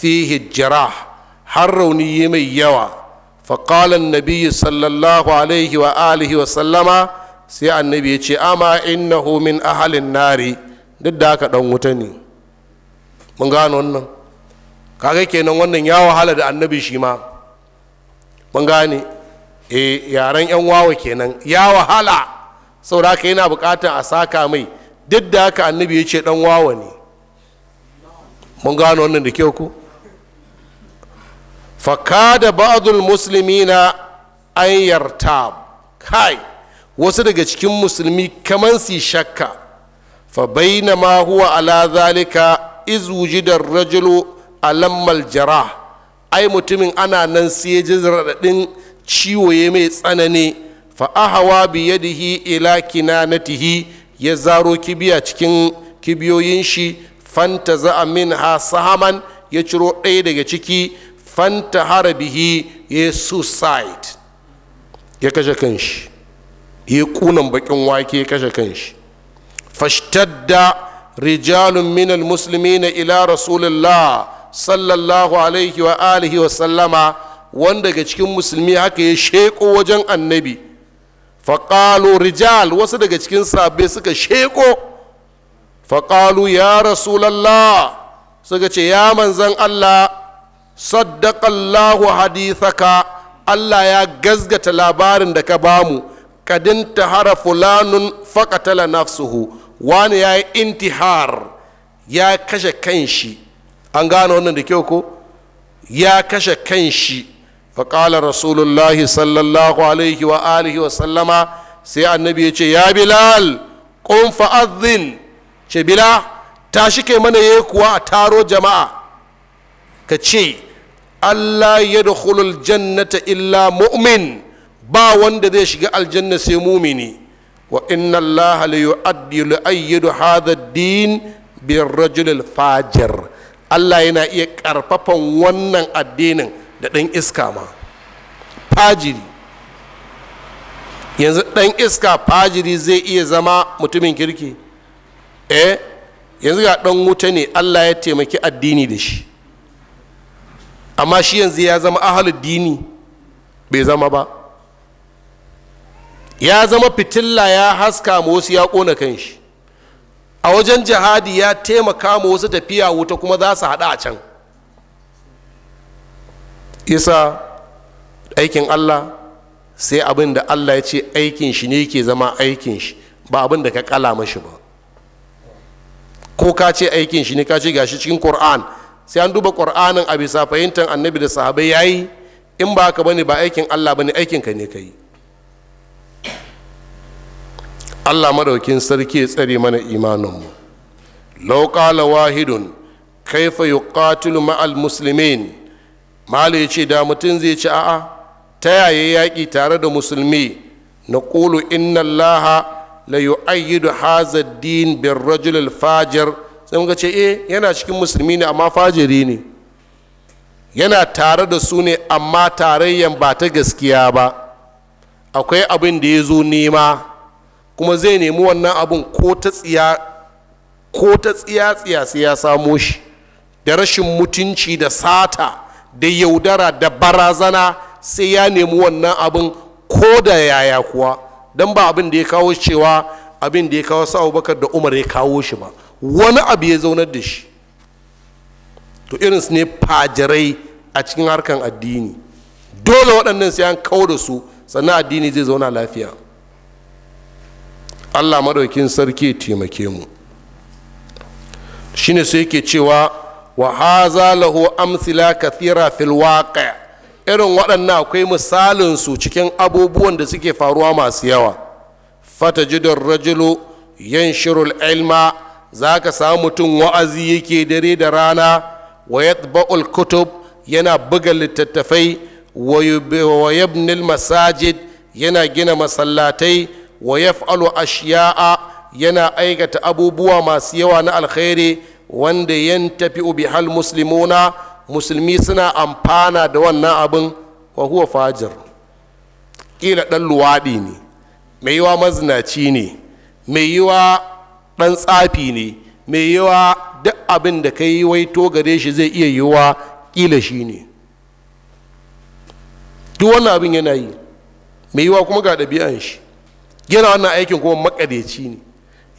fihi jarah har rauni mai yawa fa Nabiyyu annabi sallallahu alaihi wa alihi wa sallama sai annabi ya ce ama innahu min ahalin nari duk da haka dan wuta ne mun gano wannan kaga kenan wannan ya wahala da annabi shi mun gane e yaren yan wawa kenan ya wahala saboda haka yana bukatan a saka mai duk da haka annabi ya ce dan wawa ne mun gano wannan da kyau ku fakada ba'dul muslimina an yartab kai wasu daga cikin musulmi kamar su shakka fa ma huwa ala zalika iz wujida rajulu alammal jarah ai mutumin ana nan sai ya ji ciwo ya mai tsanani fa ahawa bi yadihi ila kinanatihi ya zaro kibiya cikin kibiyoyin shi fanta za a min ha sahaman ya ciro ɗaya daga ciki fanta harabihi ya suicide ya kashe kanshi ya kunan bakin wake ya kashe kanshi fashtadda rijalun minal musulmi na ila rasulullah sallallahu alaihi wa alihi wa sallama wanda daga cikin musulmi haka ya sheko wajen annabi faƙalo rijal wasu daga cikin sabe suka sheko faƙalu ya rasulallah suka ce ya manzan allah saddaƙallahu hadithaka allah ya gazgata labarin da ka bamu kadin tahara fulanun faƙatala nafsuhu wani ya yi intihar ya kashe kanshi an gane wannan da kyau ko ya kashe kanshi faƙalar rasulullahi sallallahu alaihi wa alihi wa sallama sai annabi ya ce ya bilal ƙun fa'adhin ce bila ta shi kai mana ya kuwa a taro jama'a ka ce allah ya da jannata illa mu'min ba wanda zai shiga aljanna sai mumini wa inna allaha la yu'addi la ayyidu hadha ad-din bir rajul fajir allah yana iya karfafan wannan addinin da ɗan iska ma fajiri yanzu ɗan iska fajiri zai iya zama mutumin kirki E yanzu ga ɗan wuta ne allah ya taimaki addini da shi amma shi yanzu ya zama ahalin dini bai zama ba ya zama fitilla ya haska ma wasu ya kona kan shi a wajen jihadi ya taimaka ma wasu tafiya wuta kuma za su haɗa a can isa aikin allah sai abin da allah ya ce aikin shi ne ke zama aikin shi ba abin da ka kala mashi ba ko ka ce aikin shi ne ka ce gashi cikin qur'an sai an duba qur'anin a bisa fahimtar annabi da sahabai yayi in ba ka bane ba aikin Allah bane aikin ka ne kai Allah madaukin sarki ya tsare mana imanin mu law qala wahidun kaifa yuqatilu ma'al muslimin malai ce da mutum zai ci a'a ta yaya yaƙi tare da musulmi na ƙulu inna allaha la yu'ayyidu hadha ad-din bir rajul al-fajir sai muka ce eh yana cikin musulmi ne amma fajiri ne yana tare da su ne amma tarayyan ba ta gaskiya ba akwai abin da ya zo nema kuma zai nemi wannan abin ko ta tsiya sai ya samo shi da rashin mutunci da sata da yaudara da barazana sai ya nemi wannan abin ko da yaya kuwa don ba abin da ya kawo cewa abin da ya kawo sa bakar da umar ya kawo shi ba wani abu ya zaunar da shi to irin su ne fajirai a cikin harkan addini dole waɗannan sai an kawo da su sannan addini zai zauna lafiya allah maɗaukin sarki ya taimake mu shine sai yake cewa wa haza lahu amsila kathira fil waqi' irin waɗannan akwai misalin su cikin abubuwan da suke faruwa masu yawa fata jidon rajulu yan shirul ilma za ka samu mutum wa'azi yake dare da rana wa baul kutub yana buga littattafai wa yabnil masajid yana gina masallatai wa yaf'alu ashiya'a yana aikata abubuwa masu yawa na alkhairi wanda yan tafi ubihal hal muslimuna musulmi suna amfana da wannan abin wa huwa fajir Ƙila ɗan luwaɗi ne mai yiwa mazinaci ne mai yiwa ɗan tsafi ne mai yiwa duk abin da ka yi waito gare shi zai iya yiwa ƙila shi ne duk wannan abin yana yi mai yiwa kuma ga ɗabi'an shi yana wannan aikin kuma makadeci ne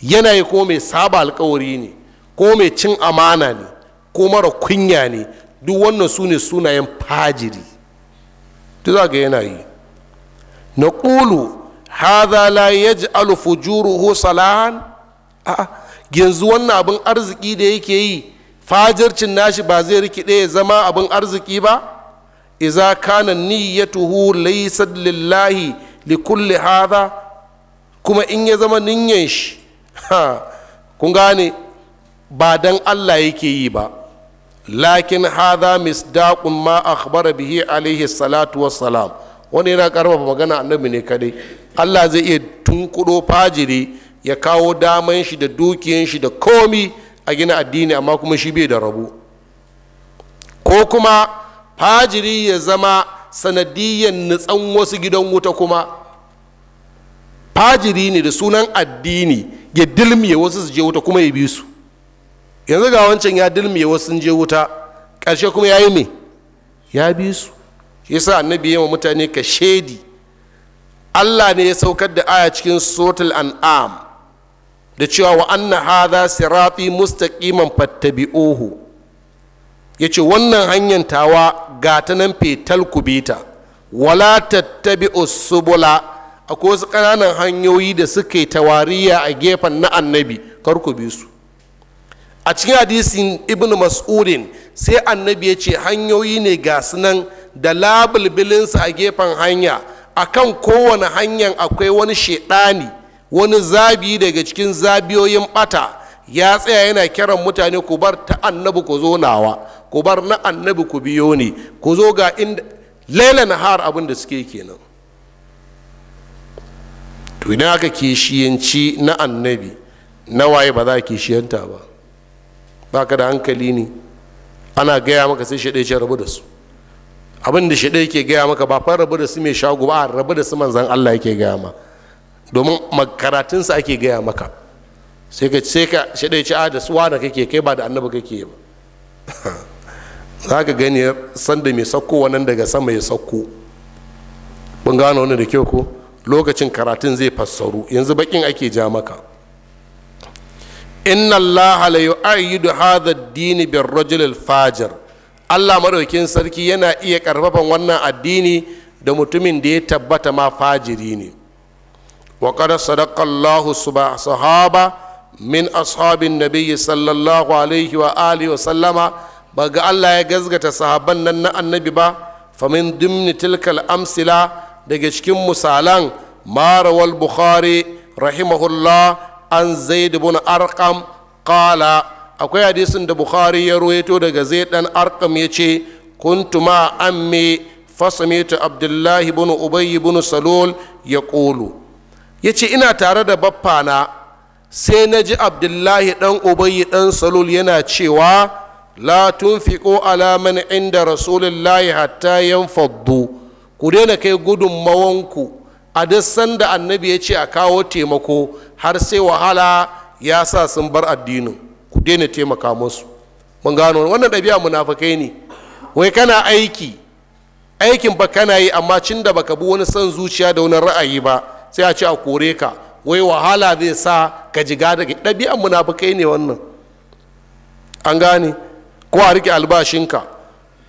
yana yi ko mai saba alkawari ne ko mai cin amana ne ko mara kunya ne duk wannan su ne sunayen fajiri duk za ga yana yi na ƙulu haza la juru ho salahan a yanzu wannan abin arziki da yake yi fajircin nashi ba zai rikide ya zama abin arziki ba iza kana niyyatuhu laysat lillahi li kulli hadha kuma in ya zama niyyan shi ha kun gane ba dan Allah yake yi ba lakin mis misdaqun ma akhbara bihi alaihi salatu wassalam wani yana karfafa magana annabi ne kadai Allah zai iya tunkudo fajiri ya kawo daman shi da dukiyan shi da komi a gina addini amma kuma shi bai da rabo ko kuma fajiri ya zama sanadiyyan nutsan wasu gidan wuta kuma fajiri ne da sunan addini ya dilmiye wasu su je wuta kuma ya bi su yanzu ga wancan ya dilmiye wasu sun je wuta ƙarshe kuma ya yi me ya bi su ya yasa annabi yawan mutane ka shedi allah ne ya saukar da aya cikin an an'am da cewa wa anna hadha sirati mustaqiman ya ce wannan hanyar tawa ga ta nan fetal ku bi ta wala tattabi'u subula akwai wasu ƙananan hanyoyi da suke tawariya a gefen na annabi kar ku bi su a cikin hadisin ibn mas'udin sai annabi ya ce hanyoyi ne ga nan da labulbilinsa a gefen hanya a kan kowane hanyar akwai wani shaidani wani zabi daga cikin zabiyoyin bata ya tsaya yana kiran mutane ku bar ta annabi ku zo nawa ku bar na annabi ku biyo ne ku zo ga inda laila na abin da suke kenan to idan aka kishiyanci na annabi na waye ba za a kishiyanta ba ba ka da hankali ne ana gaya maka sai shaɗe ce rabu da su abin da shaɗe yake gaya maka ba fa rabu da su mai shago ba rabu da su manzan allah yake gaya ma domin makaratunsa ake gaya maka sai ka sai ka shaɗe ce a da suwa da kake kai ba da annabi kake ba [LAUGHS] za ka gani sanda mai sakko wannan daga sama ya sakko kun gane wani da kyau ko lokacin karatun zai fassaru yanzu bakin ake ja maka inna allaha la yu'ayyidu hadha ad-din bir rajul al-fajir Allah madaukin sarki yana iya karfafan wannan addini da mutumin da ya tabbata ma fajiri ne wa qad sadaqa Allah sahaba min ashabin nabiyyi sallallahu alaihi wa alihi wa sallama ba ga Allah ya gazgata sahaban nan na annabi ba famin dimni tilkal amsila daga cikin misalan marawal bukhari rahimahullah an zaid ibn arqam qala akwai hadisin da bukhari ya ruwaito daga zaid dan arqam yace kuntu ma ammi fasamitu abdullahi ibn ubay ibn salul yaqulu yace ina tare da na. sai naji abdullahi dan ubay dan salul yana cewa la tunfiqu ala man inda rasulullahi hatta yanfaddu ku daina kai gudunmawanku a duk sanda annabi ya ce a kawo taimako har sai wahala ya sa sun bar addinin ku daina taimaka musu mun gano wannan ɗabi'a munafakai ne wai kana aiki aikin ba kana yi amma cin da baka bi wani son zuciya da wani ra'ayi ba sai a ce a kore ka wai wahala zai sa ka jiga daga ɗabi'an munafakai ne wannan an gane ko a rike albashinka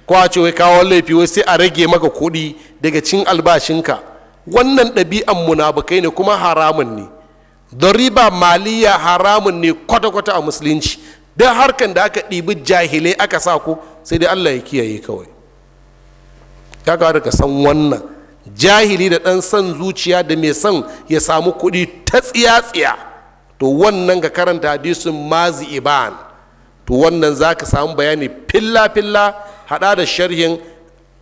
ko a ce wai kawo laifi wai sai a rage maka kuɗi daga cin albashinka wannan ɗabi'an munafukai ne kuma haramun ne riba maliya haramun ne kwata-kwata a musulunci don harkan da aka ɗibi jahilai aka sa ku sai dai allah ya kiyaye kawai ya kawai ka san wannan jahili da ɗan son zuciya da mai son ya samu kuɗi ta tsiya-tsiya to wannan ga karanta hadisin mazi iban to wannan za ka samu bayani filla-filla haɗa da sharhin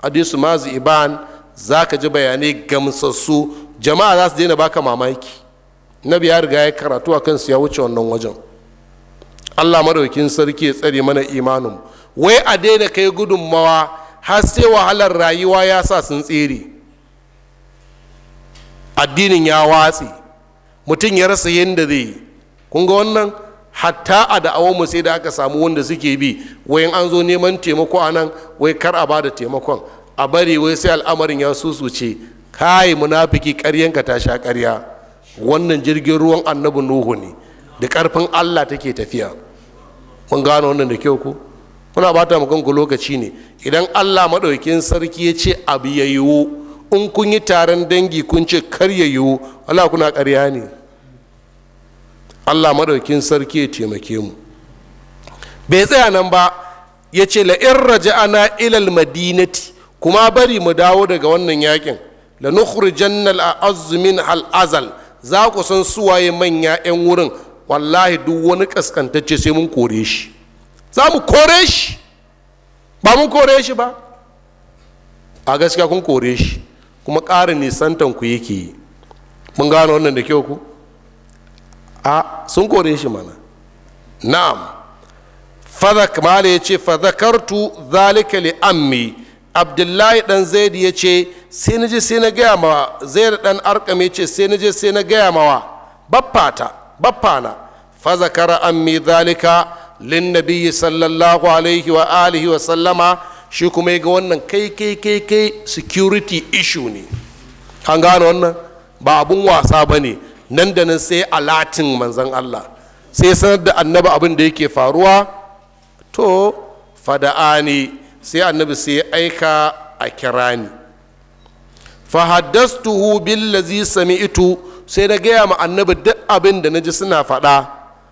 hadisu mazi iban za ka ji bayanai gamsassu jama'a za su daina baka mamaki na ya riga ya karatu a kansu ya wuce wannan wajen allah madaukin sarki ya tsare mana imanin wai a daina kai gudunmawa har sai wahalar rayuwa ya sa sun tsere addinin ya watse mutum ya rasa yadda zai yi kun ga wannan hatta a da'awar mu sai da aka samu wanda suke bi wai an zo neman taimako a nan wai kar a ba da taimakon a bari wai sai al'amarin ya susuce kai munafiki ka ta sha ƙarya wannan jirgin ruwan annabi nuhu ne da ƙarfin allah take tafiya mun gano wannan da kyau ku kuna bata mu kanku lokaci ne idan allah maɗaukin sarki ya ce abu ya yiwu in kun yi taron dangi kun ce kar ya yiwu allah kuna ƙarya ne allah maɗaukin sarki ya taimake mu bai tsaya nan ba ya ce la'in raja'ana ilal madinati kuma bari mu dawo daga wannan yakin la nukhrijan al-azz min al-azal za ku san suwaye manya yan wurin wallahi duk wani kaskantacce sai mun kore shi za mu kore shi ba mun kore shi ba a gaskiya kun kore shi kuma ƙara nisantan ku yake yi mun gano wannan da kyau ku a sun kore shi mana na'am fadak male ya ce fadakartu zalika li ammi abdullahi dan zaid ya ce sai na je sai na gaya mawa zaid dan arkam ya ce sai na je sai na gaya mawa baffata baffana fa zakara ammi zalika lin nabiyyi sallallahu alaihi wa alihi wa sallama shi kuma ga wannan kai kai kai kai security issue ne an gano wannan ba abun wasa ba ne nan da nan sai alatin manzon allah sai sanar da annaba abin da yake faruwa to fada'ani sai annabi sai ya aika a kira ni fahaddastuhu billazi sami'tu sai na gaya ma annabi duk abin da na ji suna faɗa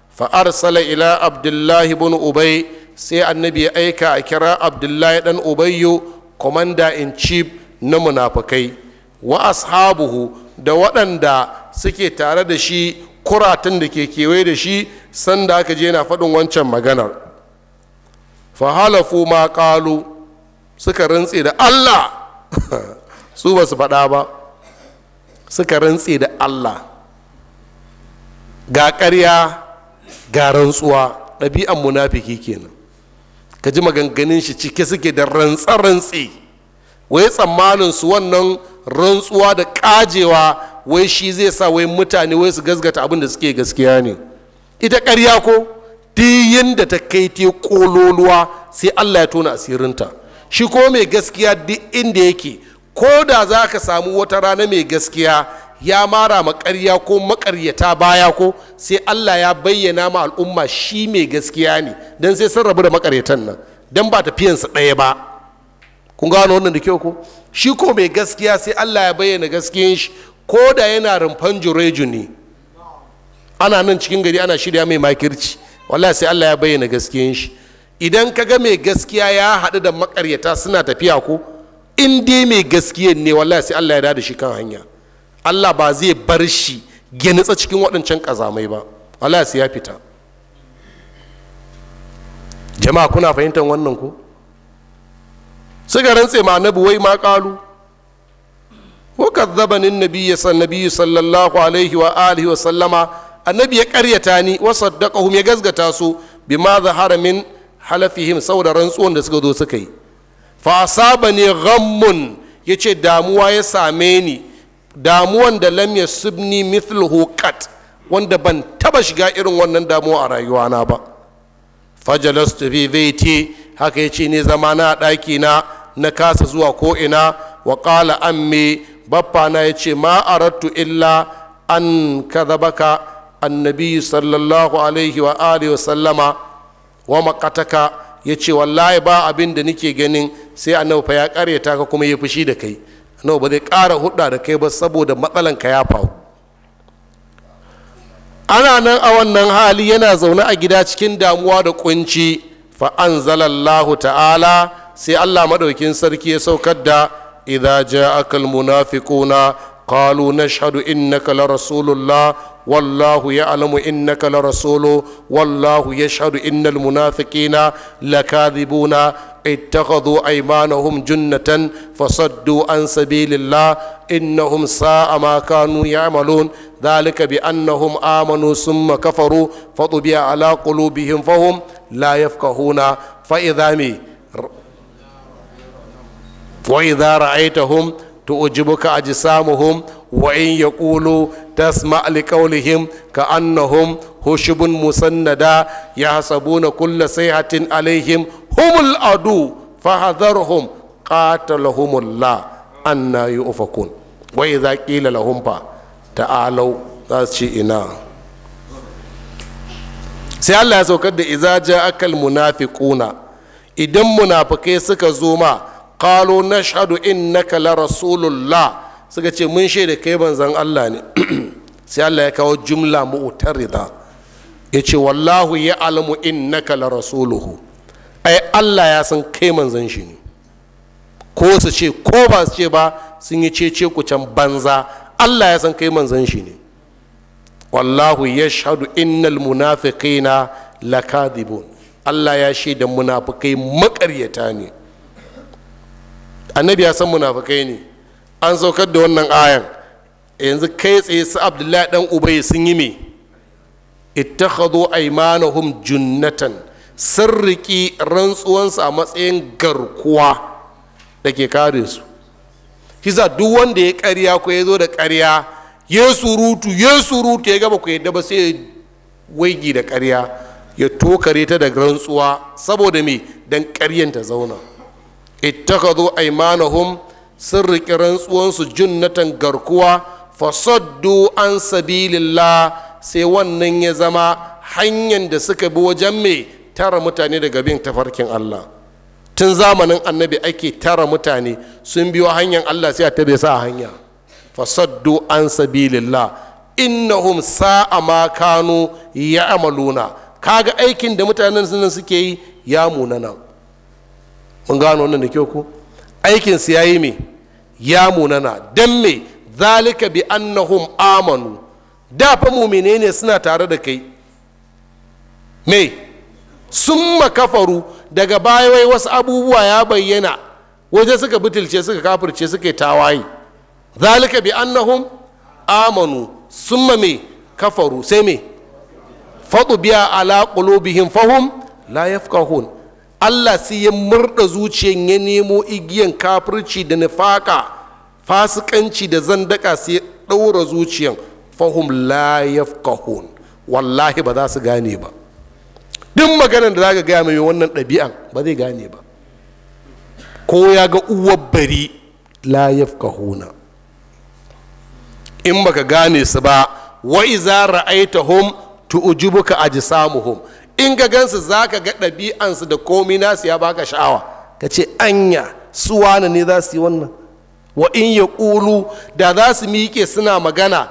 fa arsala ila abdullahi bin ubai sai annabi ya aika a kira abdullahi dan ubayyo commander in chief na munafukai wa ashabuhu da waɗanda suke tare da shi kuratun da ke kewaye da shi sanda aka je na faɗin wancan maganar fahalafu ma kalu suka rantse da allah [LAUGHS] su ba su faɗa ba suka rantse da allah ga ƙarya ga rantsuwa ɗabi'an munafiki kenan ka ji maganganun shi cike suke da rantse-rantse wai tsammanin su wannan rantsuwa da ƙajewa wai shi zai sa wai mutane wai su gasgata abin da suke gaskiya ne ita ƙarya ko diyin da ta kai te kololuwa sai allah ya tona asirinta shi ko mai gaskiya duk inda yake ko da za ka samu wata rana mai gaskiya ya mara makarya ko makaryata baya ko sai allah ya bayyana ma al'umma shi mai gaskiya ne don sai sun rabu da makaryatan nan don ba tafiyansa ɗaya ba kun gano wannan da kyau ko shi ko mai gaskiya sai allah ya bayyana gaskiyan shi ko da yana rumfan jureju ne ana nan cikin gari ana shirya mai makirci wallahi sai Allah ya bayyana gaskiyan shi idan ka ga mai gaskiya ya haɗu da makaryata suna tafiya ko in dai mai gaskiyan ne wallahi sai Allah ya da shi kan hanya Allah ba zai bar shi genitsa cikin waɗancan kazamai ba wallahi sai ya fita jama'a kuna fahimtar wannan ko suka rantse ma wai ma ƙalu wa kadzabanin nabiyyi sallallahu alaihi wa alihi wa sallama annabi ya karyata ni wa saddaqahum ya gazgata su bi ma za haramin halafihim saboda rantsuwan da suka zo suka yi fa ramun ghammun ce damuwa ya same ni damuwan da lamya subni mithluhu qat wanda ban taba shiga irin wannan damuwa a rayuwana ba fajalastu fi baiti haka ce ne zama na daki na na kasa zuwa ko ina wa qala ammi baffa na yace ma arattu illa an kadhabaka annabi sallallahu alaihi wa alihi wa sallama wa makataka ya ce wallahi ba abin da nake ganin sai annabi fa ya karyata ka kuma ya fushi da kai annabi ba zai kara hudda da kai ba saboda matsalan ka ya faru ana nan a wannan hali yana zaune a gida cikin damuwa da kunci fa anzalallahu ta'ala sai Allah madaukin sarki ya saukar da idza ja'akal munafiquna قالوا نشهد إنك لرسول الله والله يعلم إنك لرسول والله يشهد إن المنافقين لكاذبون اتخذوا أيمانهم جنة فصدوا عن سبيل الله إنهم ساء ما كانوا يعملون ذلك بأنهم آمنوا ثم كفروا فطبع على قلوبهم فهم لا يفقهون فإذا مي وإذا رأيتهم tu'jibuka ajsamuhum wa in yaqulu tasma' liqawlihim ka'annahum hushubun musannada yahsabuna kulla sayhatin alaihim humul adu fahdharhum qatalahumullah anna yu'fakun wa idza qila lahum fa ta'alau za ina sai Allah ya saukar da iza ja akal munafiquna idan munafikai suka zo ma qalu in innaka la rasulullah suka ce mun shaida kai manzon Allah ne [CLEARS THROAT] sai Allah ya kawo jumla rida ya ce wallahu ya alamu innaka la rasuluhu ai Allah ya san kai manzon shi ne ko su ce ko ba su ce ba sun yi cece ku can banza Allah ya san kai manzon shi ne wallahu ya shahadu innal munafiqina lakadibun Allah ya shaida munafikai makaryata ne annabi ya san munafukai ne an saukar da wannan ayan yanzu kai tsaye su abdullahi dan ubai sun yi me ittakhadhu aymanahum junnatan sun riki rantsuwansu a matsayin garkuwa da ke kare su kisa duk wanda ya karya ko ya zo da karya ya surutu ya surutu ya gaba ku yadda ba sai waigi da karya ya tokare ta da rantsuwa saboda me dan karyan ta zauna ittakhadhu aymanahum sun riƙi rantsuwansu junnatan garkuwa fasaddu an sabilillah sai wannan ya zama hanyar da suka bi wajen mai tara mutane daga bin tafarkin Allah tun zamanin annabi ake tara mutane sun biyo hanyar Allah sai a tabe sa hanya fasaddu an sabilillah innahum sa'a ma kanu ya amaluna kaga aikin da mutanen suke yi ya munana mun gano wannan da kyau ku aikin su yayi me ya munana dan me zalika bi annahum amanu da fa mumine ne suna tare da kai me sun kafaru daga baya wai wasu abubuwa ya bayyana waje suka butulce suka kafirce suka tawayi tawaye zalika bi annahum amanu summa me kafaru sai me fadu biya ala qulubihim fahum la yafqahun allah sai ya murda zuciyan ya nemo igiyan kafirci da nifaka fasikanci da zandaka sai ya ɗaura zuciyan fahum la yafqahun wallahi ba za su gane ba duk maganar da zaka gaya mai wannan ɗabi'an ba zai gane ba ko ya ga uwar bari la yafqahuna in baka gane su ba wa iza ra'aitahum tu'jibuka ajsamuhum in ga gansu za ka ga ɗabi'ansu da komi nasu ya baka sha'awa ka ce anya su wani ne za su yi wannan wa in ya ƙulu da za su miƙe suna magana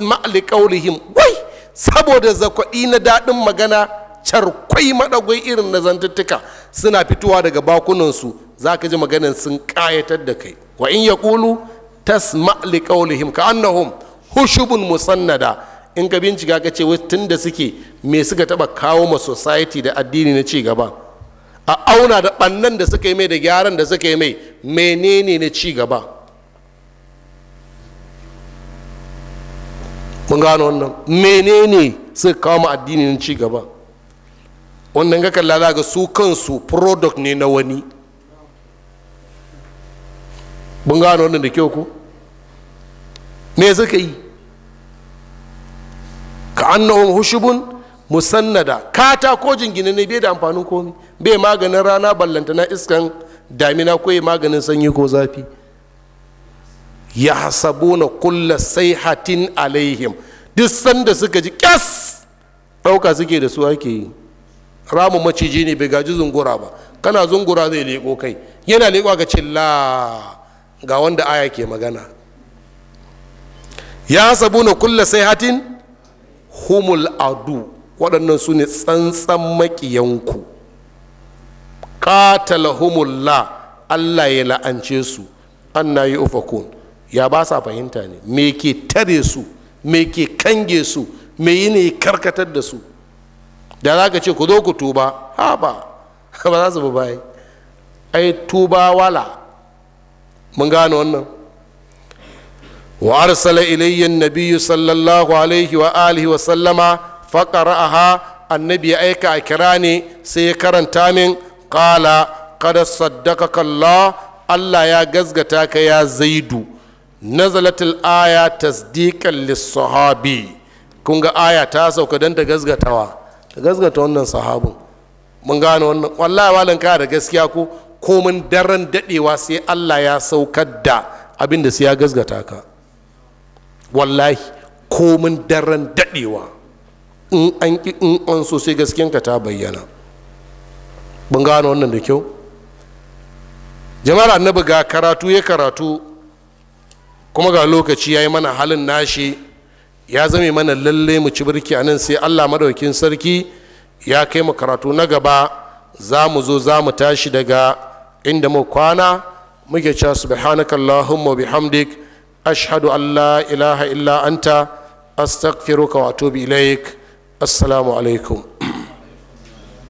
ma'ali liƙaulihim wai saboda zakwaɗi na daɗin magana carkwai maɗagwai irin na zantuttuka suna fitowa daga bakunansu za ka ji maganan sun ƙayatar da kai wa in ya ƙulu ma'ali liƙaulihim ka annahum hushubun musannada in ka bincika ka ce tun da suke me suka taba kawo ma society da addini na cigaba? a auna da ɓannan da suka yi mai da gyaran da suka yi mai menene na cigaba? mun gano wannan menene suka kawo ma addini na cigaba? wannan ga kalla za ga su kansu product ne na wani mun gano wannan da kyau ku me suka yi ka annahum hushubun musannada kata ko jingine ne bai da amfanin komi bai maganin rana ballanta na iskan damina ko maganin sanyi ko zafi ya na kulla saihatin alaihim duk sanda suka ji kyas ɗauka suke da su ake yi ramu maciji ne bai gaji zungura ba kana zungura zai leƙo kai yana leƙo ga cilla ga wanda aya ke magana ya na kulla saihatin humul adu waɗannan su ne tsantsan maƙiyanku la allah ya la'ance su an na yi ufakun ya ba sa fahimta ne me ke tare su me ke kange su me yi ne karkatar da su da za ka ce ku zo ku tuba ha ba [LAUGHS] ba za su bi bayi ai tuba wala mun gane wannan وارسل الي النبي صلى sallallahu alaihi wa وسلم فقراها النبي faqara'aha annabi ya aika a kira ne sai ya karanta min qala qad saddaqaka Allah Allah ya gazgata ka ya zaidu aya ta sauka don ta gazgatawa ta gazgata wannan sahabin mun gane wannan wallahi walan ka da gaskiya ko komin daren dadewa sai Allah ya saukar da abin da sai ya gazgata ka wallahi ko mun daren daɗewa in an ƙi in an so sai gaskiyanka ta bayyana ban gano wannan da kyau jama'a annabi ga karatu ya karatu kuma ga lokaci ya yi mana halin nashi ya zame mana lalle mu ci birki a nan sai allah madaukin sarki ya kai mu karatu na gaba za mu zo za mu tashi daga inda mu kwana muke cewa subhanakallahumma bihamdik ashhadu an la ilaha illa anta astaghfiruka wa atubu ilaik assalamu alaikum